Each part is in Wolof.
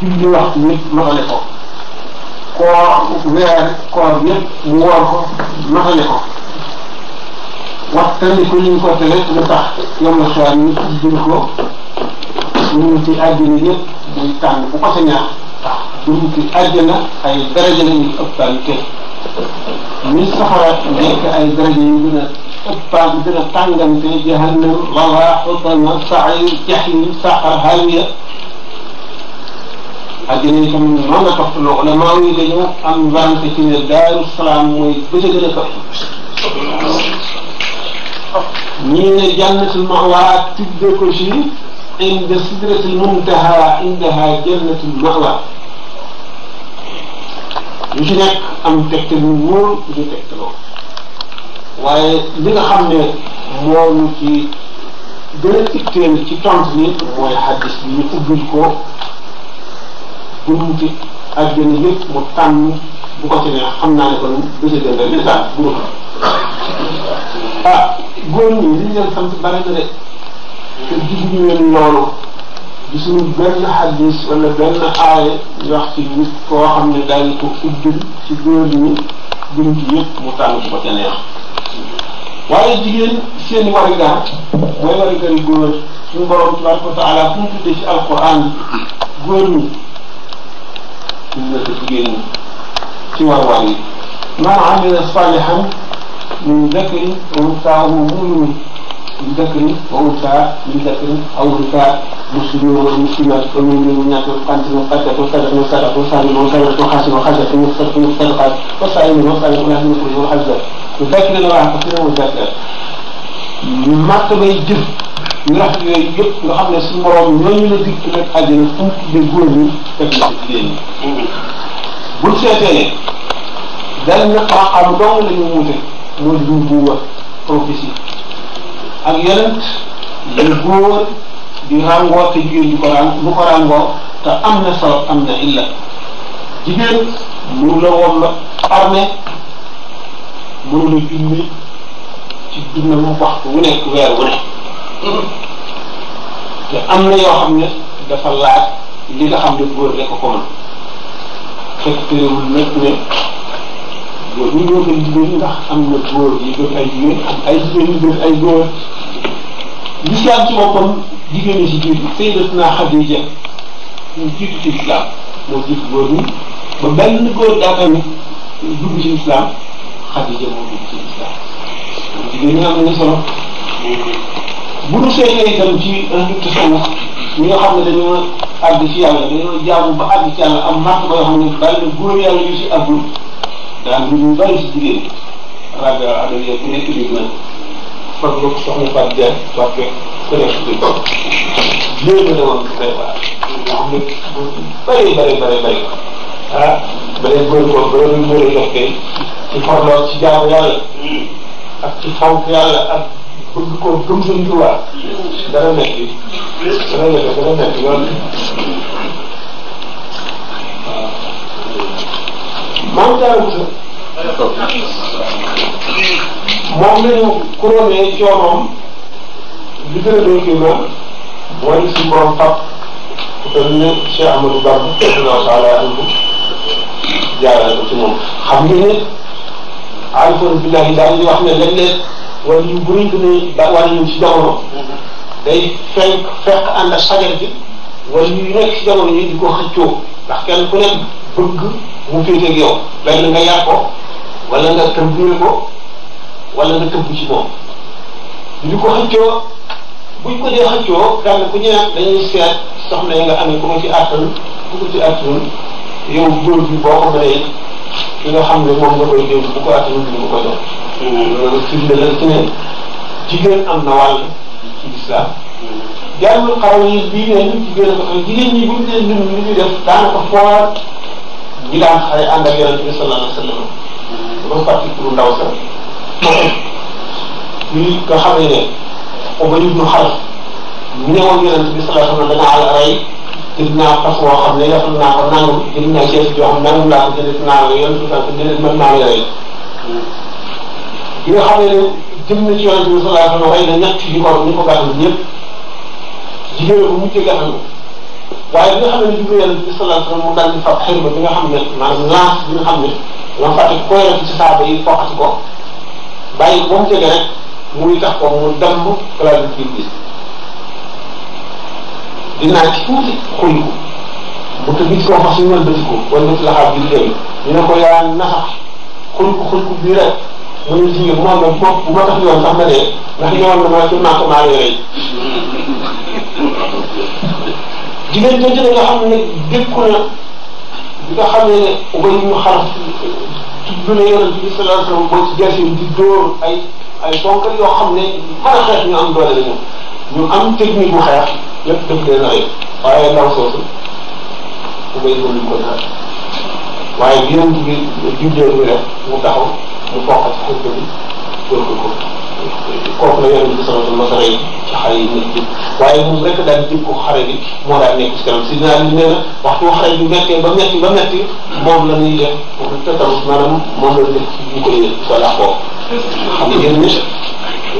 julli waxtu yëpp matale ko weer koor yëpp mu woor ko matale ko waxtaanee ko li ñu ko tere lu tax yom la xeer ñu jël ko ñu ci àddina yëpp muy tànn bu ko sa ñaar ñu ci àddina ay daraja la ñuy ëppante ni safara nekk ay daraja yu gën a ëppal gën a tàngante jahannam wala xutama saxir jaxim saxar xawiya àddina yi tamit noonu la toppaloo la maa ngi dañoo am warante ci ne daaru salaam mooy bëccëg gën a topp ñii ne jannatul mawa tudde ko ci inda sidratul muntaha indaha jannatul mawa ñu ci nekk am tegte bu wóor ñu tegtaloo waaye li nga xam ne moo ñu ci gën a itteel ci tontu ni mooy xaddis bi ñu ubbil ko jëm ci àjjana yëpp mu tànn bu ko ci xam naa ne kon du ci gën rek lisaal ah góor ñi li ñu leen sant bari na de te loolu di suñu benn xadis wala benn aaya ñu wax ci nit koo xam ne daañu ko ubbil ci góor ñi jëm ci yëpp mu tànn bu ko ci waaye jigéen seen warigar mooy warigari góor suñu borom tabaraka wa taala fu mu tuddee ci alquran góor ñi sunnati jigéen ñi ci war-war yi man amila salihan min dakrin wa unsa wa mu'min min dakrin wa unsa min dakrin aw unsa muslimin wa muslimat wa mu'minat wa qanitin wa qanitat wa sadiqin wa sadiqat wa salimin wa salimat wa hasin wa hasin wa sadiqin wa sadiqat wa sa'imin wa sa'im wa lahmin wa hajjat wa dakrin wa hasin wa dakrin màkk bay jëf ndax yooyu yëpp nga xam ne suñu borom ñooñu la dikk rek àjjana fu mu tuddee góor ñi fekk na ci jigéen ñi buñ seetee ne benn xam-xam dong la ñu wute mooy lu buuba prophétie ak yeneen yu góor di ràngoo te jigéen du ko ràng du ko ràngoo te am na sabab am na illa jigéen mënu la woon la armée mënu la julli ci dundam waxtu wu nekk weer wu nekk te am na yoo xam ne dafa laaj li nga xam ne góor rek ko mën fekk terewul nag ne góor ñi ñoo gën jigéen ñi ndax am na góor yi gën ay jigéen ay jigéen yi gën ay góor lislaam Xadiija ñu jiitu ci lislaam Xadiija moo dugg ci lislaam jigéen ñi am nañu solo bu nu seetee itam ci njub tasawuf ñi nga xam ne dañoo àgg ci yàlla dañoo jaamu ba àgg ci yàlla am màtt ba yoo xam ne bari na góor yàlla yu si àggul daan ñu bari si jigéen rajo ak yooyu ku nekk biir na kon ñoom soxna Fatou Diagne wax dëgg ku nekk biir na yéen a demoon prévoir nga xam ne bari bari bari bari ah ba leen góor ko ba leen góor a jox kay ci farloo ci jaamu yàlla ak ci fonk yàlla ak bëgg koo gëm sëñ Tuubaa dana metti dana yëngu dana metti lool maam Jaara moom lañu couronné coonoom li gën a doy kii ma mooy suñu ku toll ne Cheikh Amadou Bamba radiyallahu taala anhu jaarale ko ci moom xam nga ne alhamdulilah daal di wax ne wala yu bëri dinañ ba wala ñu ci jamono day fenk fekk ànd ak sagar bi wala yu nekk ci yi di ko xëccoo ndax kenn ku nekk bëgg mu féetee ak yow benn nga yar ko wala nga tëbbee ko wala nga tëbb ci moom di ko xëccoo buñ ko dee xëccoo kenn ku ñëwaat dañuy seet soxna yi nga amee ku ma ci àttal ku ko ci àttalul yow góor bi boo ko mënee ki nga xam ne moom nga koy déglu bu ko attanul du ko ci ne jigéen am na wàll ci lislaam. jaarul xaw yi jigéen ko xam jigéen ñi bu ñu leen lim def daanaka foor ñi daan xare ànd ak yonente bi sallallahu alayhi wa sallam. dafa fàttali pour ndaw sax. ñi nga xam ne ne ba ñu dul xal ñu newoon yonente jënd naa fas woo xam ne yoroon naa ko nangam jënd naa chaise joo xam nangam laa ko jënd naa ko yoon naa ko jënd mën naa yore yi nga xam ne jëm na ci yonent bi sallallahu alayhi wa sallam rey na ñett yu ko ñu ko gàttal ñëpp jigéen ko mujjee gàttal ko waaye bi nga xam ne jublu yonent bi sallallahu alayhi wa sallam mu daal di fab xëy ba bi nga xam ne maanaam lance bi nga xam ne dama fàtte koyal ci saaba yi foqati ko bàyyi ba mu jege rek muy tax ko mu dem balaa ñu gis. di naaj tuuti xuy bu ko gis koo fas ñu wal bëti ko wal bëti laxaab bi liggéey ñu ne ko yaa naxax xuy ko xuy ko bii rek mu ne jigéen bu ma am bopp bu ma yoon sax ma dee ndax yoon dama ci màkk maa lay rey jigéen jooju ne dékku na bi nga ne ubay ñu xaraf tudd na yonent bi sallallahu alayhi di dóor ay ay bonkal yoo xam ne mën a xeex ñu am doole la ñu ñu am technique bu xeex yëpp leen rey waaye ndaw soosu ku béy ko luñ ko naan waaye yéen bi juddoo bi rek mu taxaw mu foq ci xëcc bi la yonent bi sallallahu alayhi wa ci xare yi ñu waaye moom rek daan jëm ko xare bi moo daan nekk ci kanam si naan nee waxtu xare bi mettee ba metti ba metti moom la ñuy def pour te tam maanaam moom la def ci ñu koy wala koo xam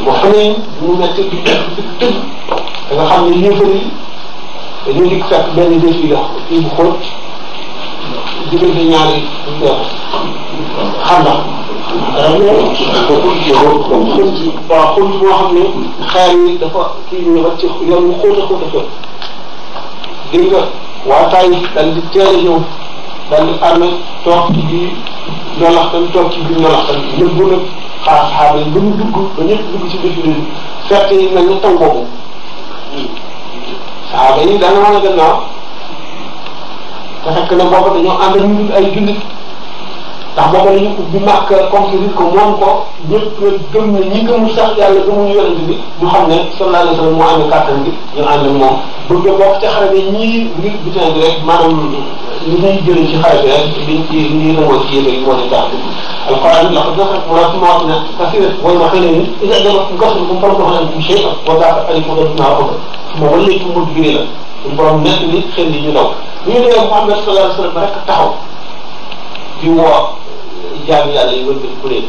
boo xamee ñu nekk ci dëgg dëgg da nga xam ne yéefar yi dañoo dikk fekk benn bés bi la kii bu xóot diggante ñaari ndeex xam na waaw xóot boo xam ne xeer yi dafa kii ñu wax ci yoon mu xóot a xóot a xóot dégg nga waa taay daal di teel a ñëw daal di armé toog ci biir nolaxtan toog ci biir nolaxtan nëbbu nag saxaaba yi ba ñu dugg ba ñëpp dugg ci biir léegi ferte yi mel ni tàngoor ko saxaaba yi daanaka gannaaw te fekk na boobu dañoo ànd ak ay jullit ndax booba dañu ubbi màkk conquérir ko moom ko ñëpp gëm ne ñi gëmul sax yàlla gëmuñu yonent bi ñu xam ne sallallahu alayhi wa sallam moo amee kàttan bi ñu ànd ak moom bëgg a bokk ca xare bi ñii ngir butin bi rek maanaam li ñuy jëlee ci xare bi rek liñ ci ñuy rëmoo ci yéen moo ne tax alquran laqad nasarakum allah ma wax na kasiran wa ma xëy na ni ila dama gasul bu borom wax naan shay'an wa daqa alaykum rasulullahi ko ma wallaytu mudbiri la suñu borom nekk ni xel yi ñu daw ñu ne Muhammad sallallahu alayhi wa sallam rek taxaw di woo jaamu yàlla yi wëlbati kuréel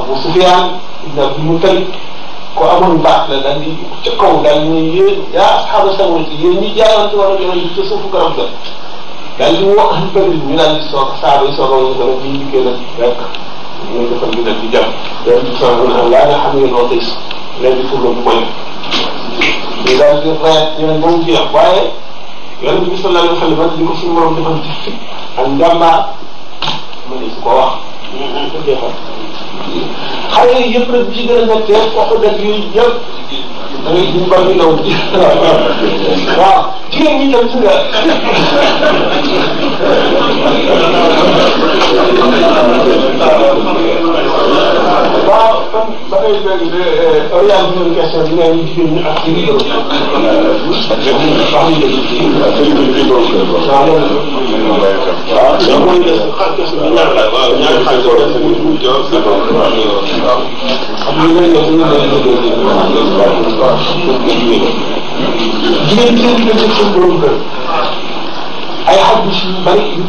Abu Sufyaan ibn Abdul Muttalib ko amoon baax la daal di ca kaw daal di ne yéen yaa asxaaba sama ci yéen ñi jaayoon ci wàllu yoon yi ca suufu garab ga daal di woo am bëri ñu daal di soog saaba yi soog a woon dara bu ñu dikkee nag rek ñu defal ñu def di jàmm daal di soog a naan laa nga xam ne noo xiis leen di furlo bu koy ñu daal di rayat ñeneen ba mu jeex waaye yonent bi sallallahu alayhi wa sallam di ko suñu morom defal ci ak njàmbaar ma su ko wax. dëgg la xale yi yëpp nag ci gën a nekkee kooku dëkk yooyu yëpp. da ngay gis mbal mi ndaw bi. waaw jigéen ñi tam si nga. waaw kon ba tey jii dañuy am une question bi nga ñu jigéen ñi ak ci biir. ay xaj yu bari yu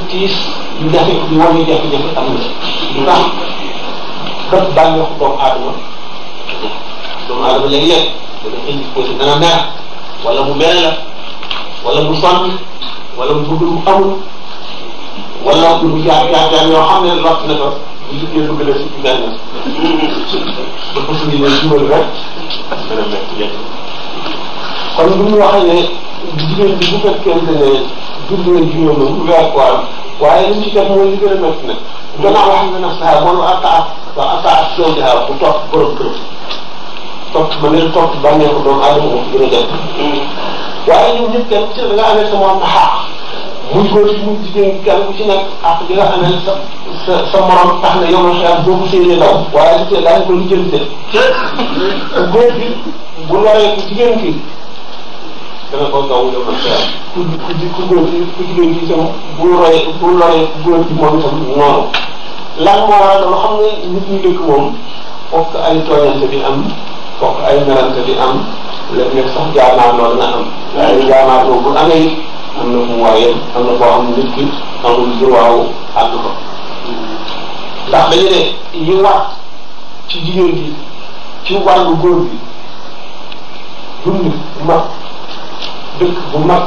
tiis yu jafe yu wane jafe-jafe am na xët baa ngi wax doomu aadama doomu aadama léeg-léeg dana indisposé dana mer wala mu mere wala mu sonn wala mu bëgg lu amul wala mu jaar jaar jaar yoo xam ne ko ñu tuddee lu gën a ko suñu leen jubal rek dana métti lépp kon bu ñu waxee ne jigéen bi waaye li ñu ci def mooy li gën a métti nag. gannaaw wax nga nag saa man attaat ba attaat soo jaaw bu topp borom kër topp ma leen topp bànneeku doomu aadama ko gën a jël. waaye ñun ñëpp kenn ci da nga amee sa morom xaax muy góor ci muy jigéen kenn ku ci nekk ak di nga amee sa sa sa morom tax na yow la xeex boo ko séenee daw waaye li ci daañu ko lijjante. góor bi bu loree jigéen ki. dana ko gaw yow nag xeer. ku ku ku góor ku jigéen ñi itam bu roye bu loree góor bi moom itam noonu. lan moo waral loolu xam nga nit ñi dëkk moom fokk ay tooñante bi am fokk ay merante bi am léeg-léeg sax jaamaar loolu na am. waaye jaamaar boobu bu amee am na fu mu waree am na foo xam ne nit ki amul droit àgg ko. ndax dañu ne yi war ci jigéen bi ci wàllu góor bi dund dëkk bu mag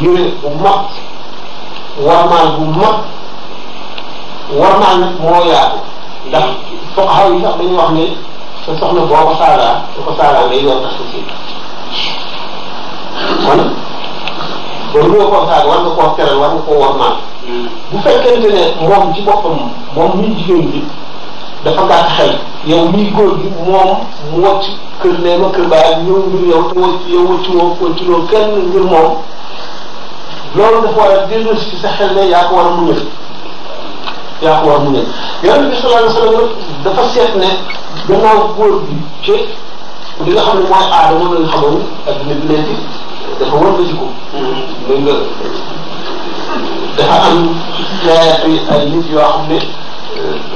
yére bu mag warmaal bu mag warmaal nag moo yaatu ndax foqaxaw yi sax dañuy wax ne sa soxna boo ko saagaa su ko saagaa ngay yor tax si kon boo ñëwee koo saaga war nga koo teral war hmm. ne moom ci boppam moom muy jigéen bi dafa gàtt xel yow miy góor moom mu wàcc ma kër baay ñëw ngir yow te wàcc yow kenn ngir moom loolu dafa war a dellu si sa xel ne yaa ko war a yaa ko war a muñal yonent bi sallallahu alayhi wa sallam dafa seet ne gannaaw góor gi ci li nga ne mooy aada moom lañ xamoon ak nit léegi dafa war na jikko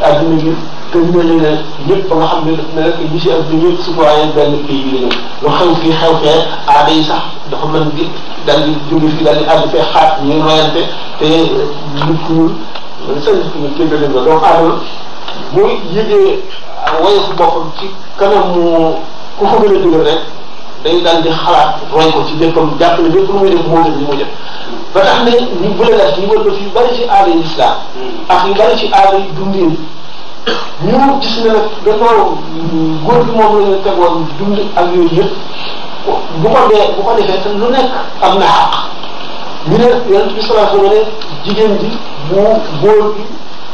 adduna bi te ñu ne ñëpp ba nga xam ne nag ñu si adduna ñëpp citoyen benn pays bi la lu xew fii xew fee aada yi sax dafa mën di daal di jóge fii daal di àgg fee xaat ñuy royante te nit ñi seen képpale nga donc aadama boo yëgee woyefu boppam ci kanamu ku ko gën a dugal rek day daal di xalaat roy ko ci léppam jàpp ne lépp lu muy def moo gën li muy def ba tax na ñu bëlalas yi wër yu yi islam hmm. ak yu bëri ci yi dundin ñu gis ne nag dañoo góor bi moom la ñu tegoon dund ak yooyu yëpp bu ko dee bu ko defee te lu nekk am na xaq ne yonent bi sallallahu alayhi wa sallam ne bu góor bi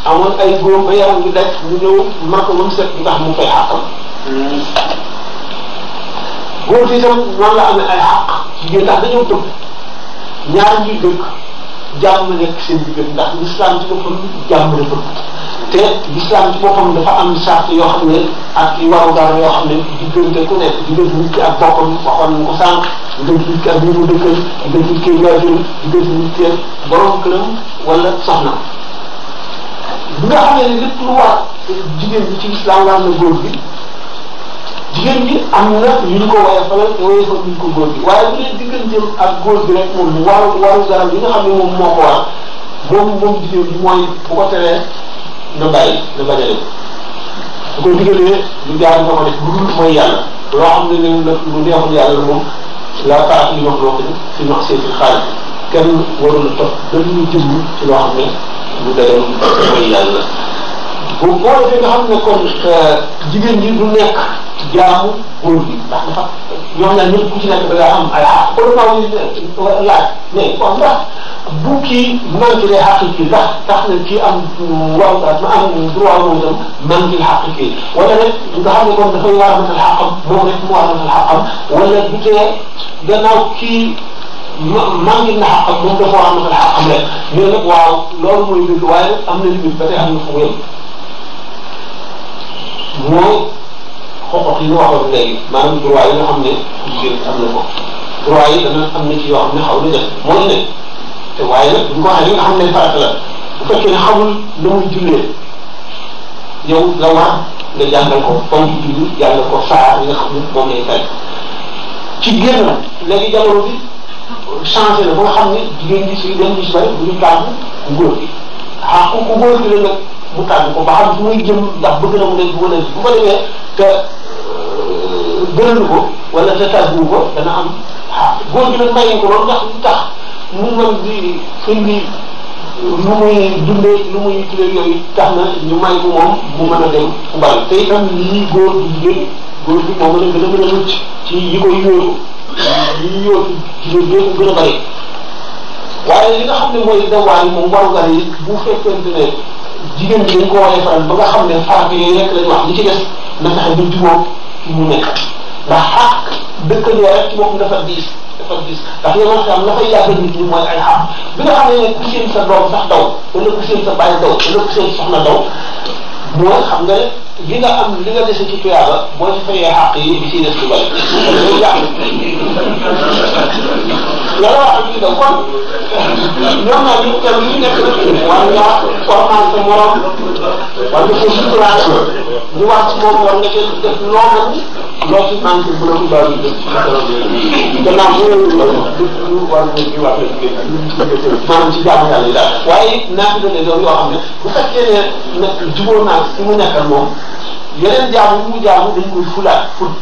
amoon ay góor ba yaram bi daj ñu ñëw màkk ba mu set ndax mu fay xaqam hmm. góor yi tamit noonu la amee ay xaq ci biir ndax dañoo tëb ñaar ñuy dëkk jàmm nekk seen diggante ndax l'islam ci boppam jàmm la bëgg te l'islam ci boppam dafa am sart yoo xam ne ak i waru gar yoo xam ne diggante ku nekk diggante nit ki ak mu dëkkal diggante nit ki waajuram borom këram wala soxna bi nga xam ne lépp lu war jigéen bi ci islam war na góor bi jigéen bi am na ñu di ko woyofalal te woyofal ñu ko góor bi waaye bu dee digganteem ak góor bi rek moom waru waru dara bi nga xam ne moom moo ko war moom moom jigéen bi mooy bu ko teree nga bàyyi nga bañ a def bu ko digalee lu jaar nga ko def bu dul mooy yàlla loo xam ne ne lu neexul yàlla moom la taat li wax loo ko ci nox seeti xaalis kenn warul topp benn jëmm ci loo xam ne lu dagan mooy yàlla bu boole nga xam ne kon euh, jigéen ñi du nekk jaamu góor bi ndax dafa ñoom ñaar ñëpp ku ci nekk da nga am ay xaq kon maa ngi laaj mais kon ndax bu kii manqué xaq kii ndax tax na kii am waaw ma am droit moom itam manqué xaq kii wala rek nga xam ne kon dafay war a matal xaqam moom rek mu war a matal xaqam wala bu tee gannaaw kii manqué na xaqam moom dafa war a matal xaqam rek mais nag waaw loolu mooy dëgg waaye am na limite ba tey am na fu mooy xoxox yi ñu waxoon léegi maanaam droit yi nga xam ne jigéen am na ko droit yi dana am yoo xam ne xaw na def mooy ne te waaye nag ko waxee li nga xam ne farata la bu fekkee ne xamul lu muy jullee yow la war nga jàngal ko ponk julli jàngal ko saa yi nga xam ne moom lay ci génn léegi jamono bi changé na ba xam ne jigéen ñi suy dem ñu si bëri bu ñu tàmm góor bi ah ku góor gi la nag mu tànn ko ba xam fu muy jëm ndax bëgg na mu ne bu bu ko demee euh, ko wala te tàggu ko dana am ah nag mayu ko loolu ndax lu mu mën di indi lu muy dundee lu muy utilisé yooyu tax na ñu may ko moom mu mën a dem fu bari te itam lii góor gi yëpp moo mën gën a gën a ci yi koy yóotu yi yóotu jigéen ñëpp gën a waaye li nga xam ne mooy zawaal moom warugar yi bu fekkente ne jigéen bi dañ ko waree faral ba nga xam ne farat yooyu rek lañ wax li ci des na fexe ba jubóo ki mu nekk ndax xaq dëkkandoo rek ci boppam dafa diis dafa diis ndax yow dafa am la fay yàgg nit ñi mooy ay xaq bi nga xam ne ku seen sa doom sax daw wala ku seen sa bàyyi daw wala ku seen soxna daw mooy xam nga li nga am li nga dese ci tuyaaba boo ci fayee xaq bi ci des ci loolu la am jiw kon ñoom ñoo ñu teew ñu nekk nit ki war nga ormal sa morom war nga ko suturaal ñu wax ci moom war nga cee def loo mën loo ci mën ci bu la ko baax di def gannaaw bu la ñu loolu war nga ñu wax maanaam ci jaamu yàlla yi daal waaye naa ko doon yoo xam ne bu fekkee ne nag jubóo naa si mu nekkal moom yeneen jaamu bu mu jaamu dañ koy fulaat ful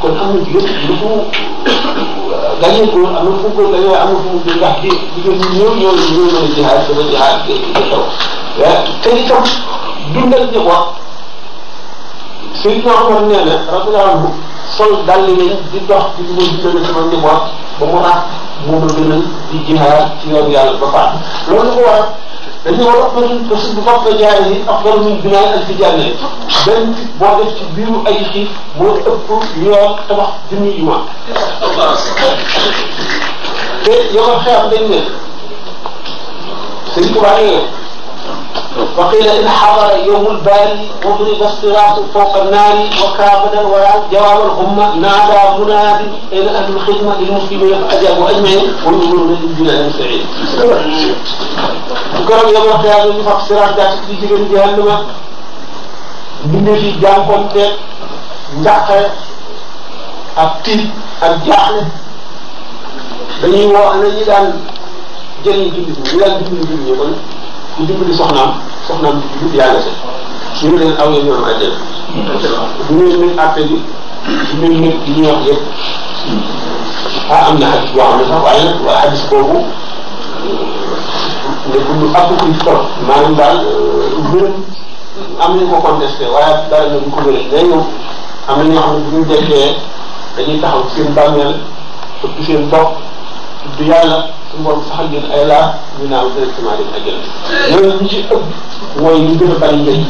kon am na jigéen lu ko gagné góor amul fu góor gagné amul mu góor ndax di jigéen ñi ñëw ñoo ñoo mën a jihaad dama jihaad te te xew te itam dundal di dox di ma dundal sama mu rax moom la gënal di jihaad ba faat loolu ko dañu war a affaire parce que bu fàttee jaay yi affaire muy binaa alfijaane yi benn boo def ci biiru ay xiif moo ëpp yoon tabax junni yu ma te yow xeex dañ ne sëñ Tuubaa وقيل إن حضر يوم الباري أضرب الصراط فوق النار وكابد جواب الغمة نادى مناد إلى أهل الخدمة للمسلمين فأجابوا أجمعين ويقولون للجنة أن سعيد. كرم يوم القيامة يفق صراط ذات في جبل جهنم bindee fi jànkoon te njàqare ak tiit ak jaaxle dañuy woo ana ñi daan jëriñ jullit ñi daan dimbali jullit ñi kon ku dimbali soxnaam soxnaam jub yàlla si suñu leen aw yoon yoonu àjjana bu ñu leen àtte bi ñu leen nit li ñuy wax yëpp ah am na xadis boo xam ne sax waaye nag waa xadis boobu euh, nekkul lu àpp kuy trop maanaam daal gërëm euh, am nañu ko contesté waaye dara na du ko gërëm day ñëw am na ñoo xam ne dañuy taxaw seen bàmmeel ëpp yàlla suñu borom saxal leen ay laa ñu naaw directement dem àjjana loolu ñu ci ëpp mooy ñu gën a bari njëriñ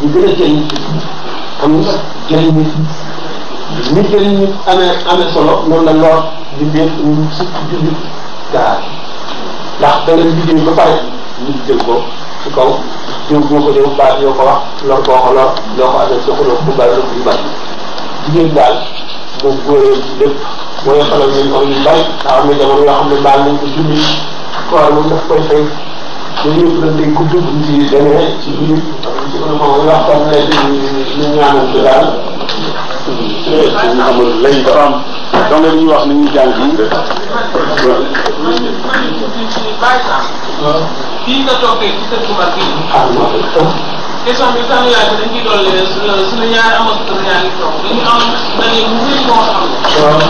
ñu gën a jëriñ am jëriñ nit ñi jëriñ nit amee amee solo noonu la lor di biir ñu surtout jullit gaar ndax da nga liggéey ba pare nit jël ko ci kaw jiw boo ko déw baat yoo ko wax lor boo ko lor loo ko amee soo ko lor bu bari loo ko du bari jigéen daal boo góoree lépp mooy xelal ñun or yu bari ndax am na jamono yoo xam ne baal nañ ko julli koor moom daf koy fay ñun ñëpp dañ day gudd buñ ci demee ci biir ci mën a moom waxtaan ne ñu ñaanal ci daal dañ xamul lay dafa am donc li ñuy wax ni ñuy jàng yi fii nga toogee ci sa tubaab bi question bi sax laaj ko dañ ciy dolli suñu ñaari ambassadeur ñaari toog dañu am dañuy bu wér boo xam ne. waaw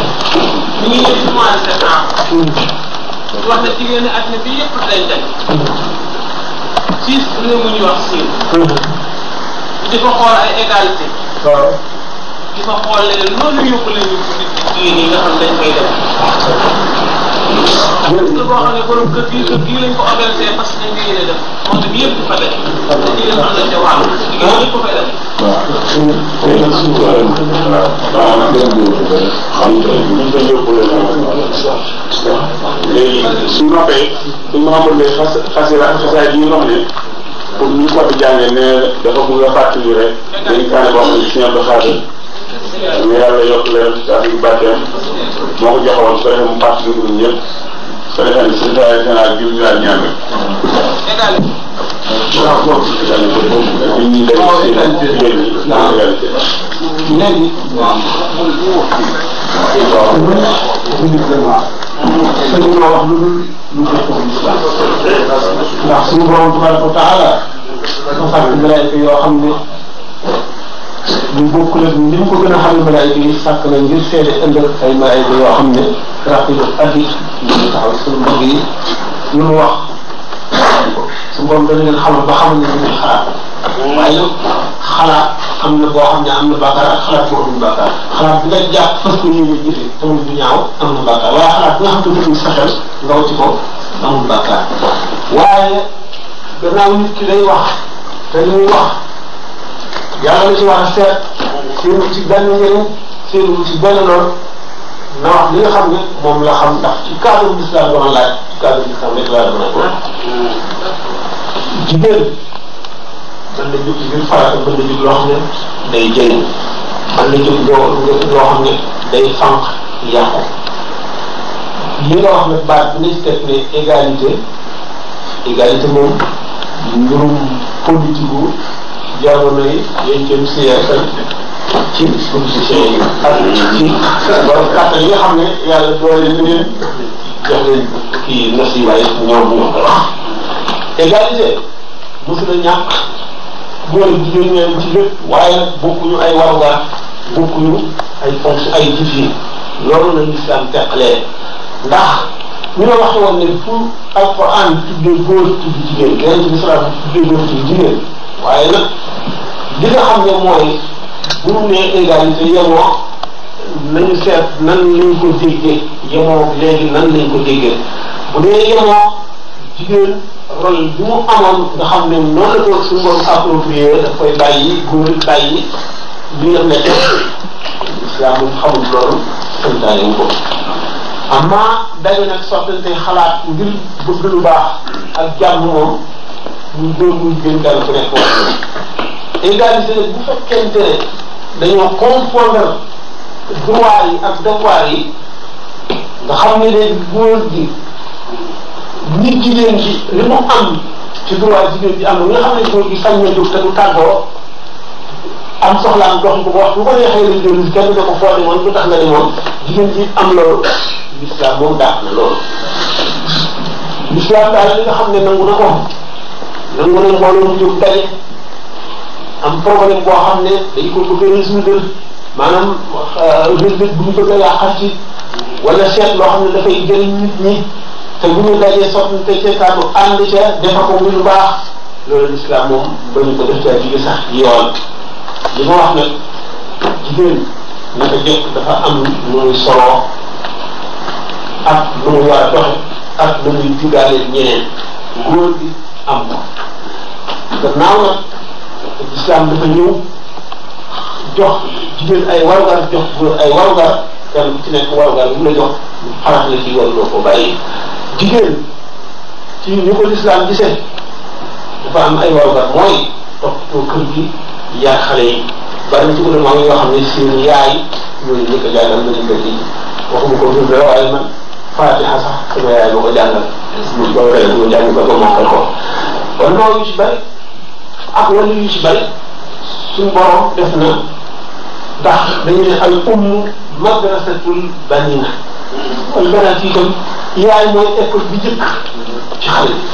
ñu ngi ñëw ci mois de septembre. Hmm. wax na jigéen ñi àddina bi yëpp day daj. ci hmm. réew mu ñuy wax siin. Hmm. di fa xool ay égalité. waaw di fa xool leneen loolu yóbbu la ñu ci jigéen yi nga xam dañ koy def. am na kër goo xam ne borom kër gii kër gii lañ ko organisé parce que dañ ko yéene def moo tax yëpp ko fa def te kii la am na te waaw yooyu yëpp ko fay def. waaw tey nag suñu ko waaw waaw gën a góor ko xam nga ñu ko yóbbu la léegi su noppee suñu Mouhamadou Mbaye xas xasira xasaay bi ñu wax ne pour ñu ko di jàngee ne dafa bëgg a fàttali rek dañ kaan boo xam ne si ñoom dafa ñu yàlla yokk leen ci ak yu barkeem moo ko joxoon su ko defee mu participer ñun ñëpp su ko defee suñu tawaay général bi ñu daal ñaan rek sañu ma wax lu dul lu dul ndax suñu borom tabaraka wa taala dafa fàtte malaayika yoo xam ne ñu bokkul ak ni mu ko gën a xam malaayika yi sàkk na ngir seede ëllëg ay malaayika yoo xam ne rapidu addi ñu ngi taxaw suñu mbokk yi lu mu wax ko su borom dana leen xamal ba xamal ne dañuy xalaat waaye nag xalaat am na boo xam ne am na bàkkaar ak xalaat boo amul bàkkaar xalaat bi nga jàpp fas ko yéene jëfe tamit du ñaaw am na bàkkaar waaye xalaat bi nga xam ne dafay saxal nga ci ko amul bàkkaar waaye gannaaw nit ki day wax te li muy wax yàlla lu ci wax a seet séenu ci benn njëriñ séenu ci benn na wax li nga xam ne moom la xam ndax ci cadre bi islam doon laaj ci cadre bi islam rek laa doon laaj jigéen mën na jóg loo xam ne day jëriñ mën na loo xam ne day fànq yàqu wax nag baat bi nga teg ne égalité égalité moom mbirum politique jamonoy yëngu siècle ci politiciens yi ak ci borom kàttan yi nga xam ne yàlla doole na leen jox leen kii nasiba yi ñoom ñoo ko wax. égalité mosu la ay waruwaay bokkuñu ay fonction ay jëf loolu la lislaam ndax ñu la wax woon ne fu alquran tuddee góor tudd jigéen yeneen ci lislaam tuddee góor tudd jigéen waaye nag li nga xam ne bu ñu nee égalité yemoo nañu seet nan lañ ko déggee yemoo léegi nan lañ ko bu dee yemoo jigéen rôle bi mu amoon nga xam ne noonu la ko suñu borom approprié daf koy bàyyi góor bàyyi li nga nekk islam moom xamul loolu santaane wu ko amma dañu nag xalaat ngir bëgg baax ak jàmm moom ñu góor ñu jigéen daal ku nekk wax égalité bu fekkente ne dañoo confondre droit yi ak devoir yi nga xam ne ne góor gi nit jigéen gi li mu am ci droit jigéen bi am na nga xam ne góor gi sañ na jóg te du tàggoo am soxlaam dox bu ko wax bu ko neexee lañ jël kenn da ko foo demoon lu tax nga demoon jigéen ji am loolu l'islam moom daax na loolu l'islam daal li nga xam ne nangu na ko nan mën a mbooloo mu daje am problème boo xam ne dañ ko bëgg a résoudre maanaam euh, rëdd bu ñu bëgg a yàqal ci wala seet loo xam ne dafay jëriñ nit ñi te bu ñu dajee sottante ca kàddu ànd ca defar ko muy lu baax loolu lislaam moom ñu ko def caa jige sax yoon li ma wax nag jigéen naka jëkk dafa am lu muy soloo ak lu muy war doxe ak lu muy jugaale ñeneen góor bi am gannaaw nag islam dafa ñëw jox jigéen ay warugar jox góor ay warugar kenn ku ci nekk warugar bu mu la jox xalaat la ci war doo ko bàyyi jigéen ay warugar mooy toppatoo kër gi yaar xale yi bari na ci gouvernement yi yoo xam ne seen yaay ñooñu ñu ko jàngal ma ñu kër gi ko gën la waaye man Fatiha sax sama yaay boo ko jàngal. loolu rek ñu jàng ba ko mokkal ko ak wàllu yu ci bari suñu borom def na ndax dañu ne al ummu madrasatul banina kon yaay mooy école bi njëkk ci xale bi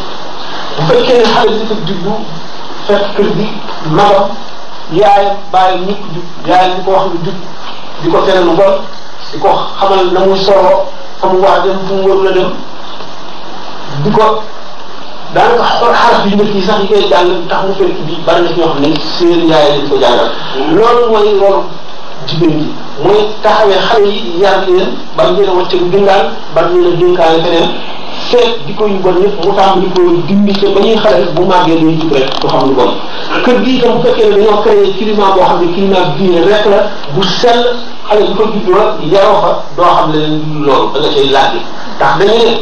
bu fekkee ne xale bi dafa jubbu fekk kër gi yaay bàyyi ñëpp jub yaay di ko wax lu jub di na muy soroo fa mu wax dem fu mu warul dem di daanaka xool xaraf yi nit ñi sax ñu koy tax mu fekk bi bari na ñoo xam ne seen yaay lañ ko jàngal. Mm. loolu mooy loolu jigéen ji mooy taxawee xale yi yar leen ban leen wàcce dundaan ban leen dundaale feneen seet di ko yu bon yëpp mu taam di ba ñuy xale bu màggee day jub rek du xam gi itam bu fekkee ne dañoo boo xam ne climat diine rek la bu sell xale bu ko juddoo yaroo fa doo xam ne loolu da nga cay laaj tax dañuy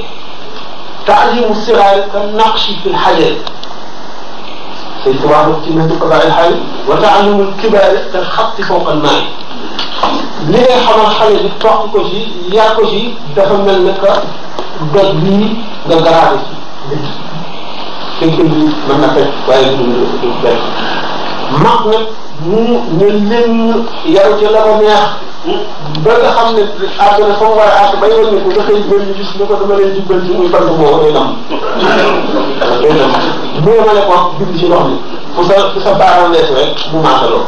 تعليم الصغار كالنقش في الحجر سيد واحد في مهد قضاء الحي وتعلم الكبار كالخط فوق الماء li ngay xamal xale bi toog ko ci yaa ko ci dafa mel ne que doj bii nga garaade ci léegi kenn bi mën na fekk waaye du du fekk mag nag mu ne leen yaru ci la ko neex ba nga xam ne àgg na fa mu war a àgg ba yoon ko dafay gën ñu gis ne ko muy fànn boobu day ko sa baaraam lees rek mu maataloo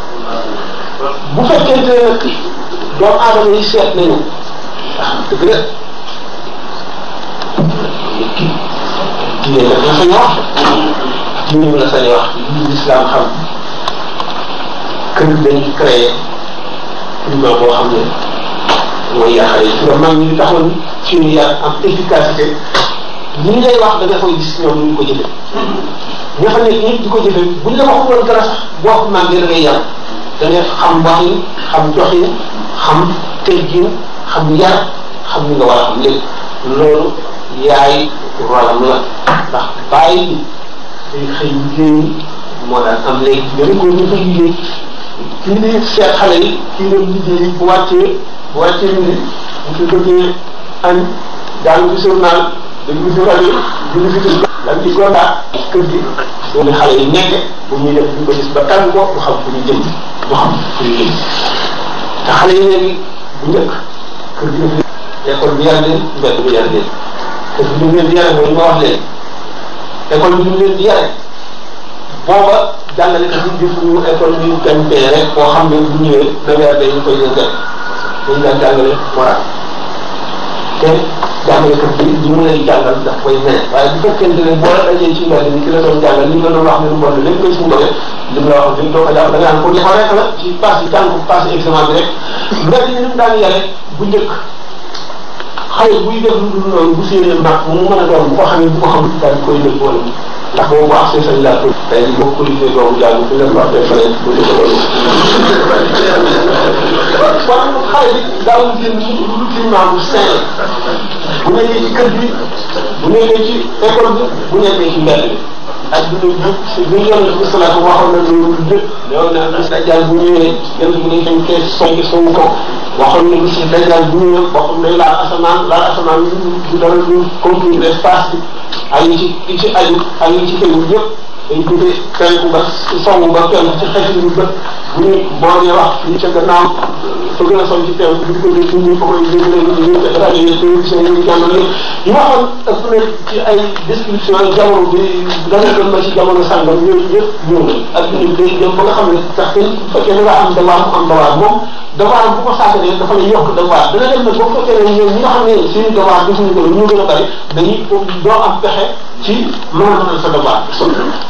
bu fekkente ne nag doomu aadama yi seet nañu dëgg la diine nag la sañ wax diine la sañ wax li xam kër dañ créé climat boo xam ne mooy yàqal yi. nga mag ñi taxoon suñu yar am efficacité lii lay wax da nga koy gis ñoom ñu ko jëfe ña fa nekk ñëpp di ko jëfe buñ la waxul woon dara sax boo ko màggee da ngay yar da ngay xam wax yi xam jox yi xam teggin xam yar xam ni nga war a xam lépp loolu yaay rolam la ndax bàyyi bi day xëy liggéey moo daan am léegi ñoom góor ñu koy liggéey kii di seet xale yi kii dem liggéey bu wàccee bu wàccee ñu ni bu fi bëggee añ daanu fi journal dañu fi rajo fi gis dañ ci kontaan kër gi loolu xale yi nekk bu ñuy def ñu ko gis du xam fu ñu jëm du xam fu ñu jëm te xale yi léegi bu njëkk kër gi dafa école bi yar leen mbedd bi yar leen te bu ñu leen booba jàngale tamit di suñu école bi gañ tee rek boo xam ne bu ñëwee dañu dañu koy yëngal dañu daan jàngale moral te jàngalekat bi li mu lay jàngal daf koy mel waaye bu fekkente ne boo la dajee ci mbedd mi ki la doon jàngal li nga doon wax ne lu bon la lépp koy suñu doole li mu la wax ni doo ko jàpp da nga naan ko dafa rek la ci passe yi jàng ko passe examen bi rek mbedd yi ni mu daan yare bu njëkk xale buy def lu dul noonu bu séenee mag mu mën a doon bu ko xamee bu ko xamul daal koy dëgg wala ndax moom bu àq si sañ laa tur. day bokk kilifa boobu jàll fi nga ko waxee fële bu dee loolu. kon xale bi daawul génn lu climat bu sain bu nekkee ci kër bi bu nekkee ci école bi bu nekkee ci mbedd bi. ak bu ñu bu ñu yore bi salaatu waxoon na loolu lépp loolu nag bis dajjal bu ñëwee yéen bu ne dañ koy songi songu ko waxoon na bis dajjal bu ñëwee waxoon na laal asamaan laal asamaan du dara lu compris l'espace bi ak yi ci yi ci aju ak yi ci tegu yëpp dañ tuddee penku ba songu ba penku ci xeetu ba ñu boo ñee wax ñu ca gannaaw te gën a sonn ci teew bi ko dégg ñu ko koy dégg léegi ñu rajo yi ñu gisee ñu jàll lépp yi ma xam ëpp na ci ay description jamono bi dana dem ba ci jamono sàngam yooyu yëpp ñëw na ak ñu day dem ba nga xam ne sax kenn bu fekkee da nga am dawaar mu am dawaar moom dawaar bu ko sàkkanee dafa lay yokk dawaar dana dem nag boo fekkee ne ñoom ñi nga xam ne suñu dawaar defuñu ko ñu gën a bari dañuy doo am pexe ci mën a mënal sa dawaar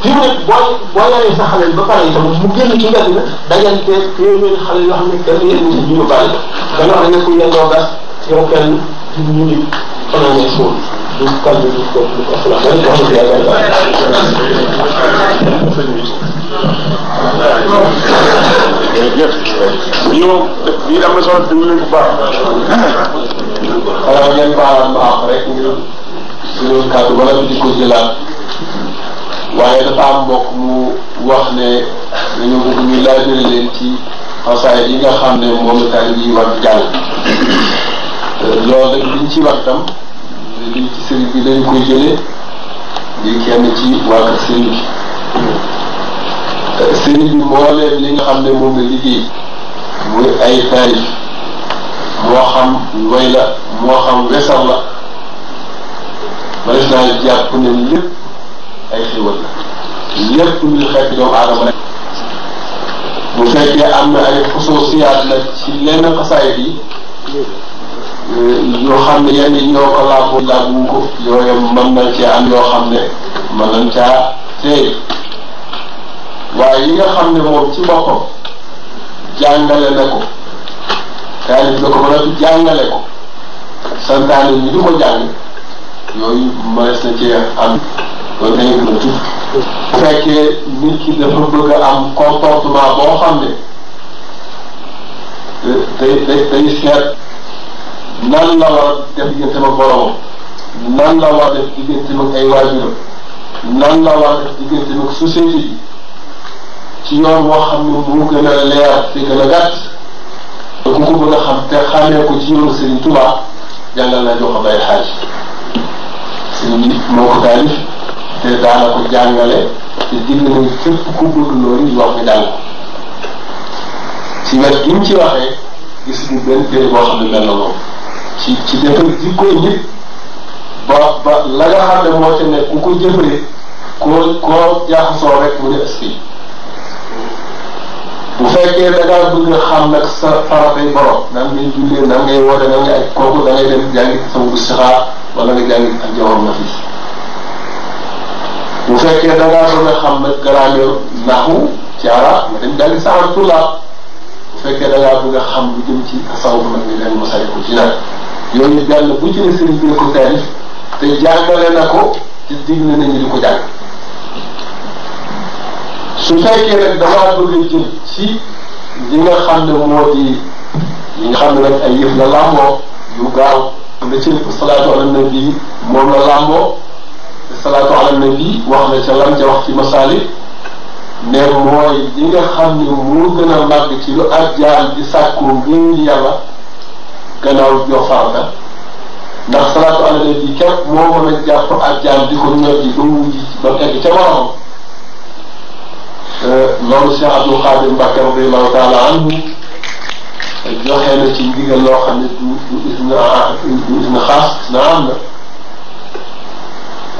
fii mu nekk boo boo yaree sa xale ba pare itam mu génn ci mbedd dajante téeméer xale yoo xam ne kenn yéen ñu ñu bari da nga xam ne ku yendoo gas yow kenn ci ñu nit fanaane suul du kàddu du ko du ko xalaat dañ ko xamante yàlla yàlla jërëjëf ñu ñu am na solo déglu nañ bu baax xanaa ngeen baax baax rek ñu suñu kàddu wala di ko jëlaat waaye dafa am mbokk mu wax ne dañu bëgg ñu laajal leen ci xasaay yi nga xam ne moom la taal yi war jàll loolu nag liñ ci wax tam ci sëriñ bi dañ koy jëlee di kenn ci waa sëriñ bi sëriñ li nga xam ne moom la liggéey muy ay taarif moo xam way moo xam wesar la maris naa jàpp ne lépp ay xiiwal la lépp luy xeet doomu aadama rek bu fekkee am na ay xusuusiyaat nag ci lenn xasaay bi eh, yoo xam ne yenn yi ñoo ko laaboo laabu ko yooyu mën na cee am yoo xam ne mën nañ caa téye waaye yi xam ne moom ci boppam jàngale na ko taalif na ko mën a jàngale ko santaane ñu di ko jàng yooyu mënees na cee am loolu dañuy gën ci bu fekkee nit ki dafa bëgg a am boo xam ne day day day la war a def digganteem ak boromam nan la war a def digganteem ak ay waajuram nan la war a def digganteem ak société bi ci yoon boo xam ne moo gën a leer te gën a te ku ko bëgg xam te xamee ko ci yoonu Serigne Touba jàngal na jox ko bay xaaj Serigne moo ko taalif te daana ko jàngale te digle na képp ku bëgg loolu yoon bi dal ci wet gi mu ci waxee gis ñu benn téere boo xam ne ci ci ba la nga xam ne moo ca ne ku ko jëfale koo koo jaxasoo rek mu ne ski bu fekkee da ngaa bëgg xam nag sa faratay borom nan ngay jullee nan ngay woote nan ngay aj kooku da ngay dem jàngi sa wu sixaar wala nga jàngi ak jawar ma fii bu fekkee da ngaa bëgg a xam nag grammaire naxu ci arab nga dem jàngi saxaatullah bu fekkee da ngaa bëgg xam lu jëm ci tasawuf nag ñu dem mosaliku ci nag yooyu jàll bu ci ne sëriñ bi te jàngale na ko ci digle nañu ko jàng su fekkee nag damaa bëgg li nga xam ne moo di nga xam ne nag ay yëf la làmboo yu gaaw la ci salaatu ala nabi moom la làmboo salaatu ala wax na ca ca wax ci masaalik ne mooy li xam ne moo gën a màgg ci lu ajjaal di sàkku ngir yàlla gannaaw joo farata ndax salaatu ala nabi képp moo mën a jàpp ajjaal di ko ñor ji ba ji ba egg ca borom loolu Cheikh Abdou Khadim Mbacké radiyallahu taala anhu joxe na ci ndigal loo xam ne du is na du is na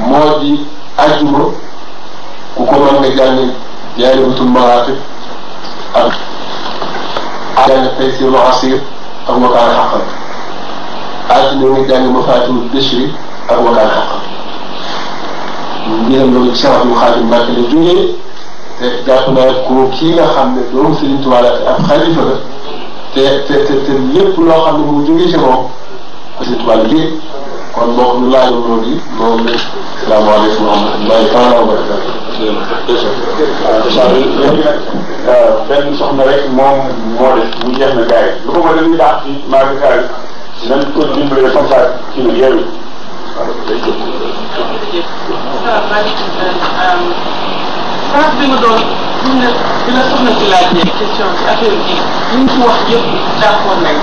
moo di ajjuma ku ko mën nga jàng Jaalibatul Maraaqib ak jàng Taysirul Asiir ak wa kaana haqqan ajjuma nga jàng Mafaatihul Bichri ak wa kaana haqqan mbiram loolu ci Cheikh Abdou Khadim Mbacké la jógee te jàpp naa ko kii nga xam ne doomu Serigne Touba ab xalifa la te te te lépp loo xam ne mu jógee ci moom Serigne Touba kon moom laaj moom yi moom la salaamaaleykum wa rahmatullahi taala wa barakatu waaw benn soxna rek moom moo def mu jeex na gars yi lu ko mën a ñu daax ci maagi gars yi nañ ko dimbale comme ça ci nu yeewi phrase bi nga doon dina dina soxna si laajee question bi affaire bi ñu ci wax yëpp d'accord nañ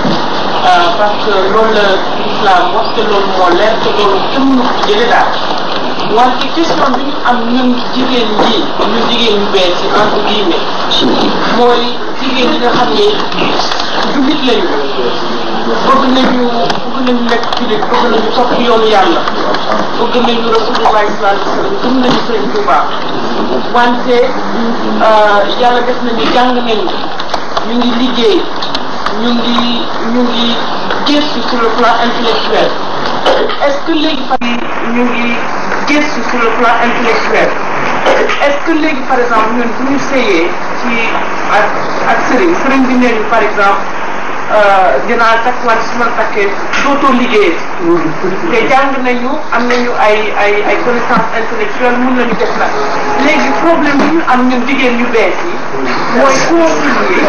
parce que loolu la islam wax te loolu moo leer te loolu kenn mënu ko jële daal wante question bi ñu am ñun jigéen ñi ñu jigéen ñu bees yi entre mooy jigéen nga xam ne jullit lañu bëgg nañu bëgg nañu nekk jullit nañu topp yoonu yàlla bëgg nañu rasulullah sallallahu alayhi wasallam gëm nañu sëñ Tuubaa wante euh, yàlla def nañu jàng nañu ñu ngi liggéey ñu ngi ñu ngi gëstu sur le plan intellectuel est-ce par ñu ngi gëstu sur le plan intellectuel est-ce que léegi par exemple ñun bu ñu seeyee ci ak ak sëriñ sëriñ par exemple Euh, dinaa takk wala su ma takkee dootoo liggéey te jàng nañu am nañu ay ay ay connaissance intellectuelle mun nañu def nag léegi problème bi ñu am ñun jigéen ñu bees yi mooy concilier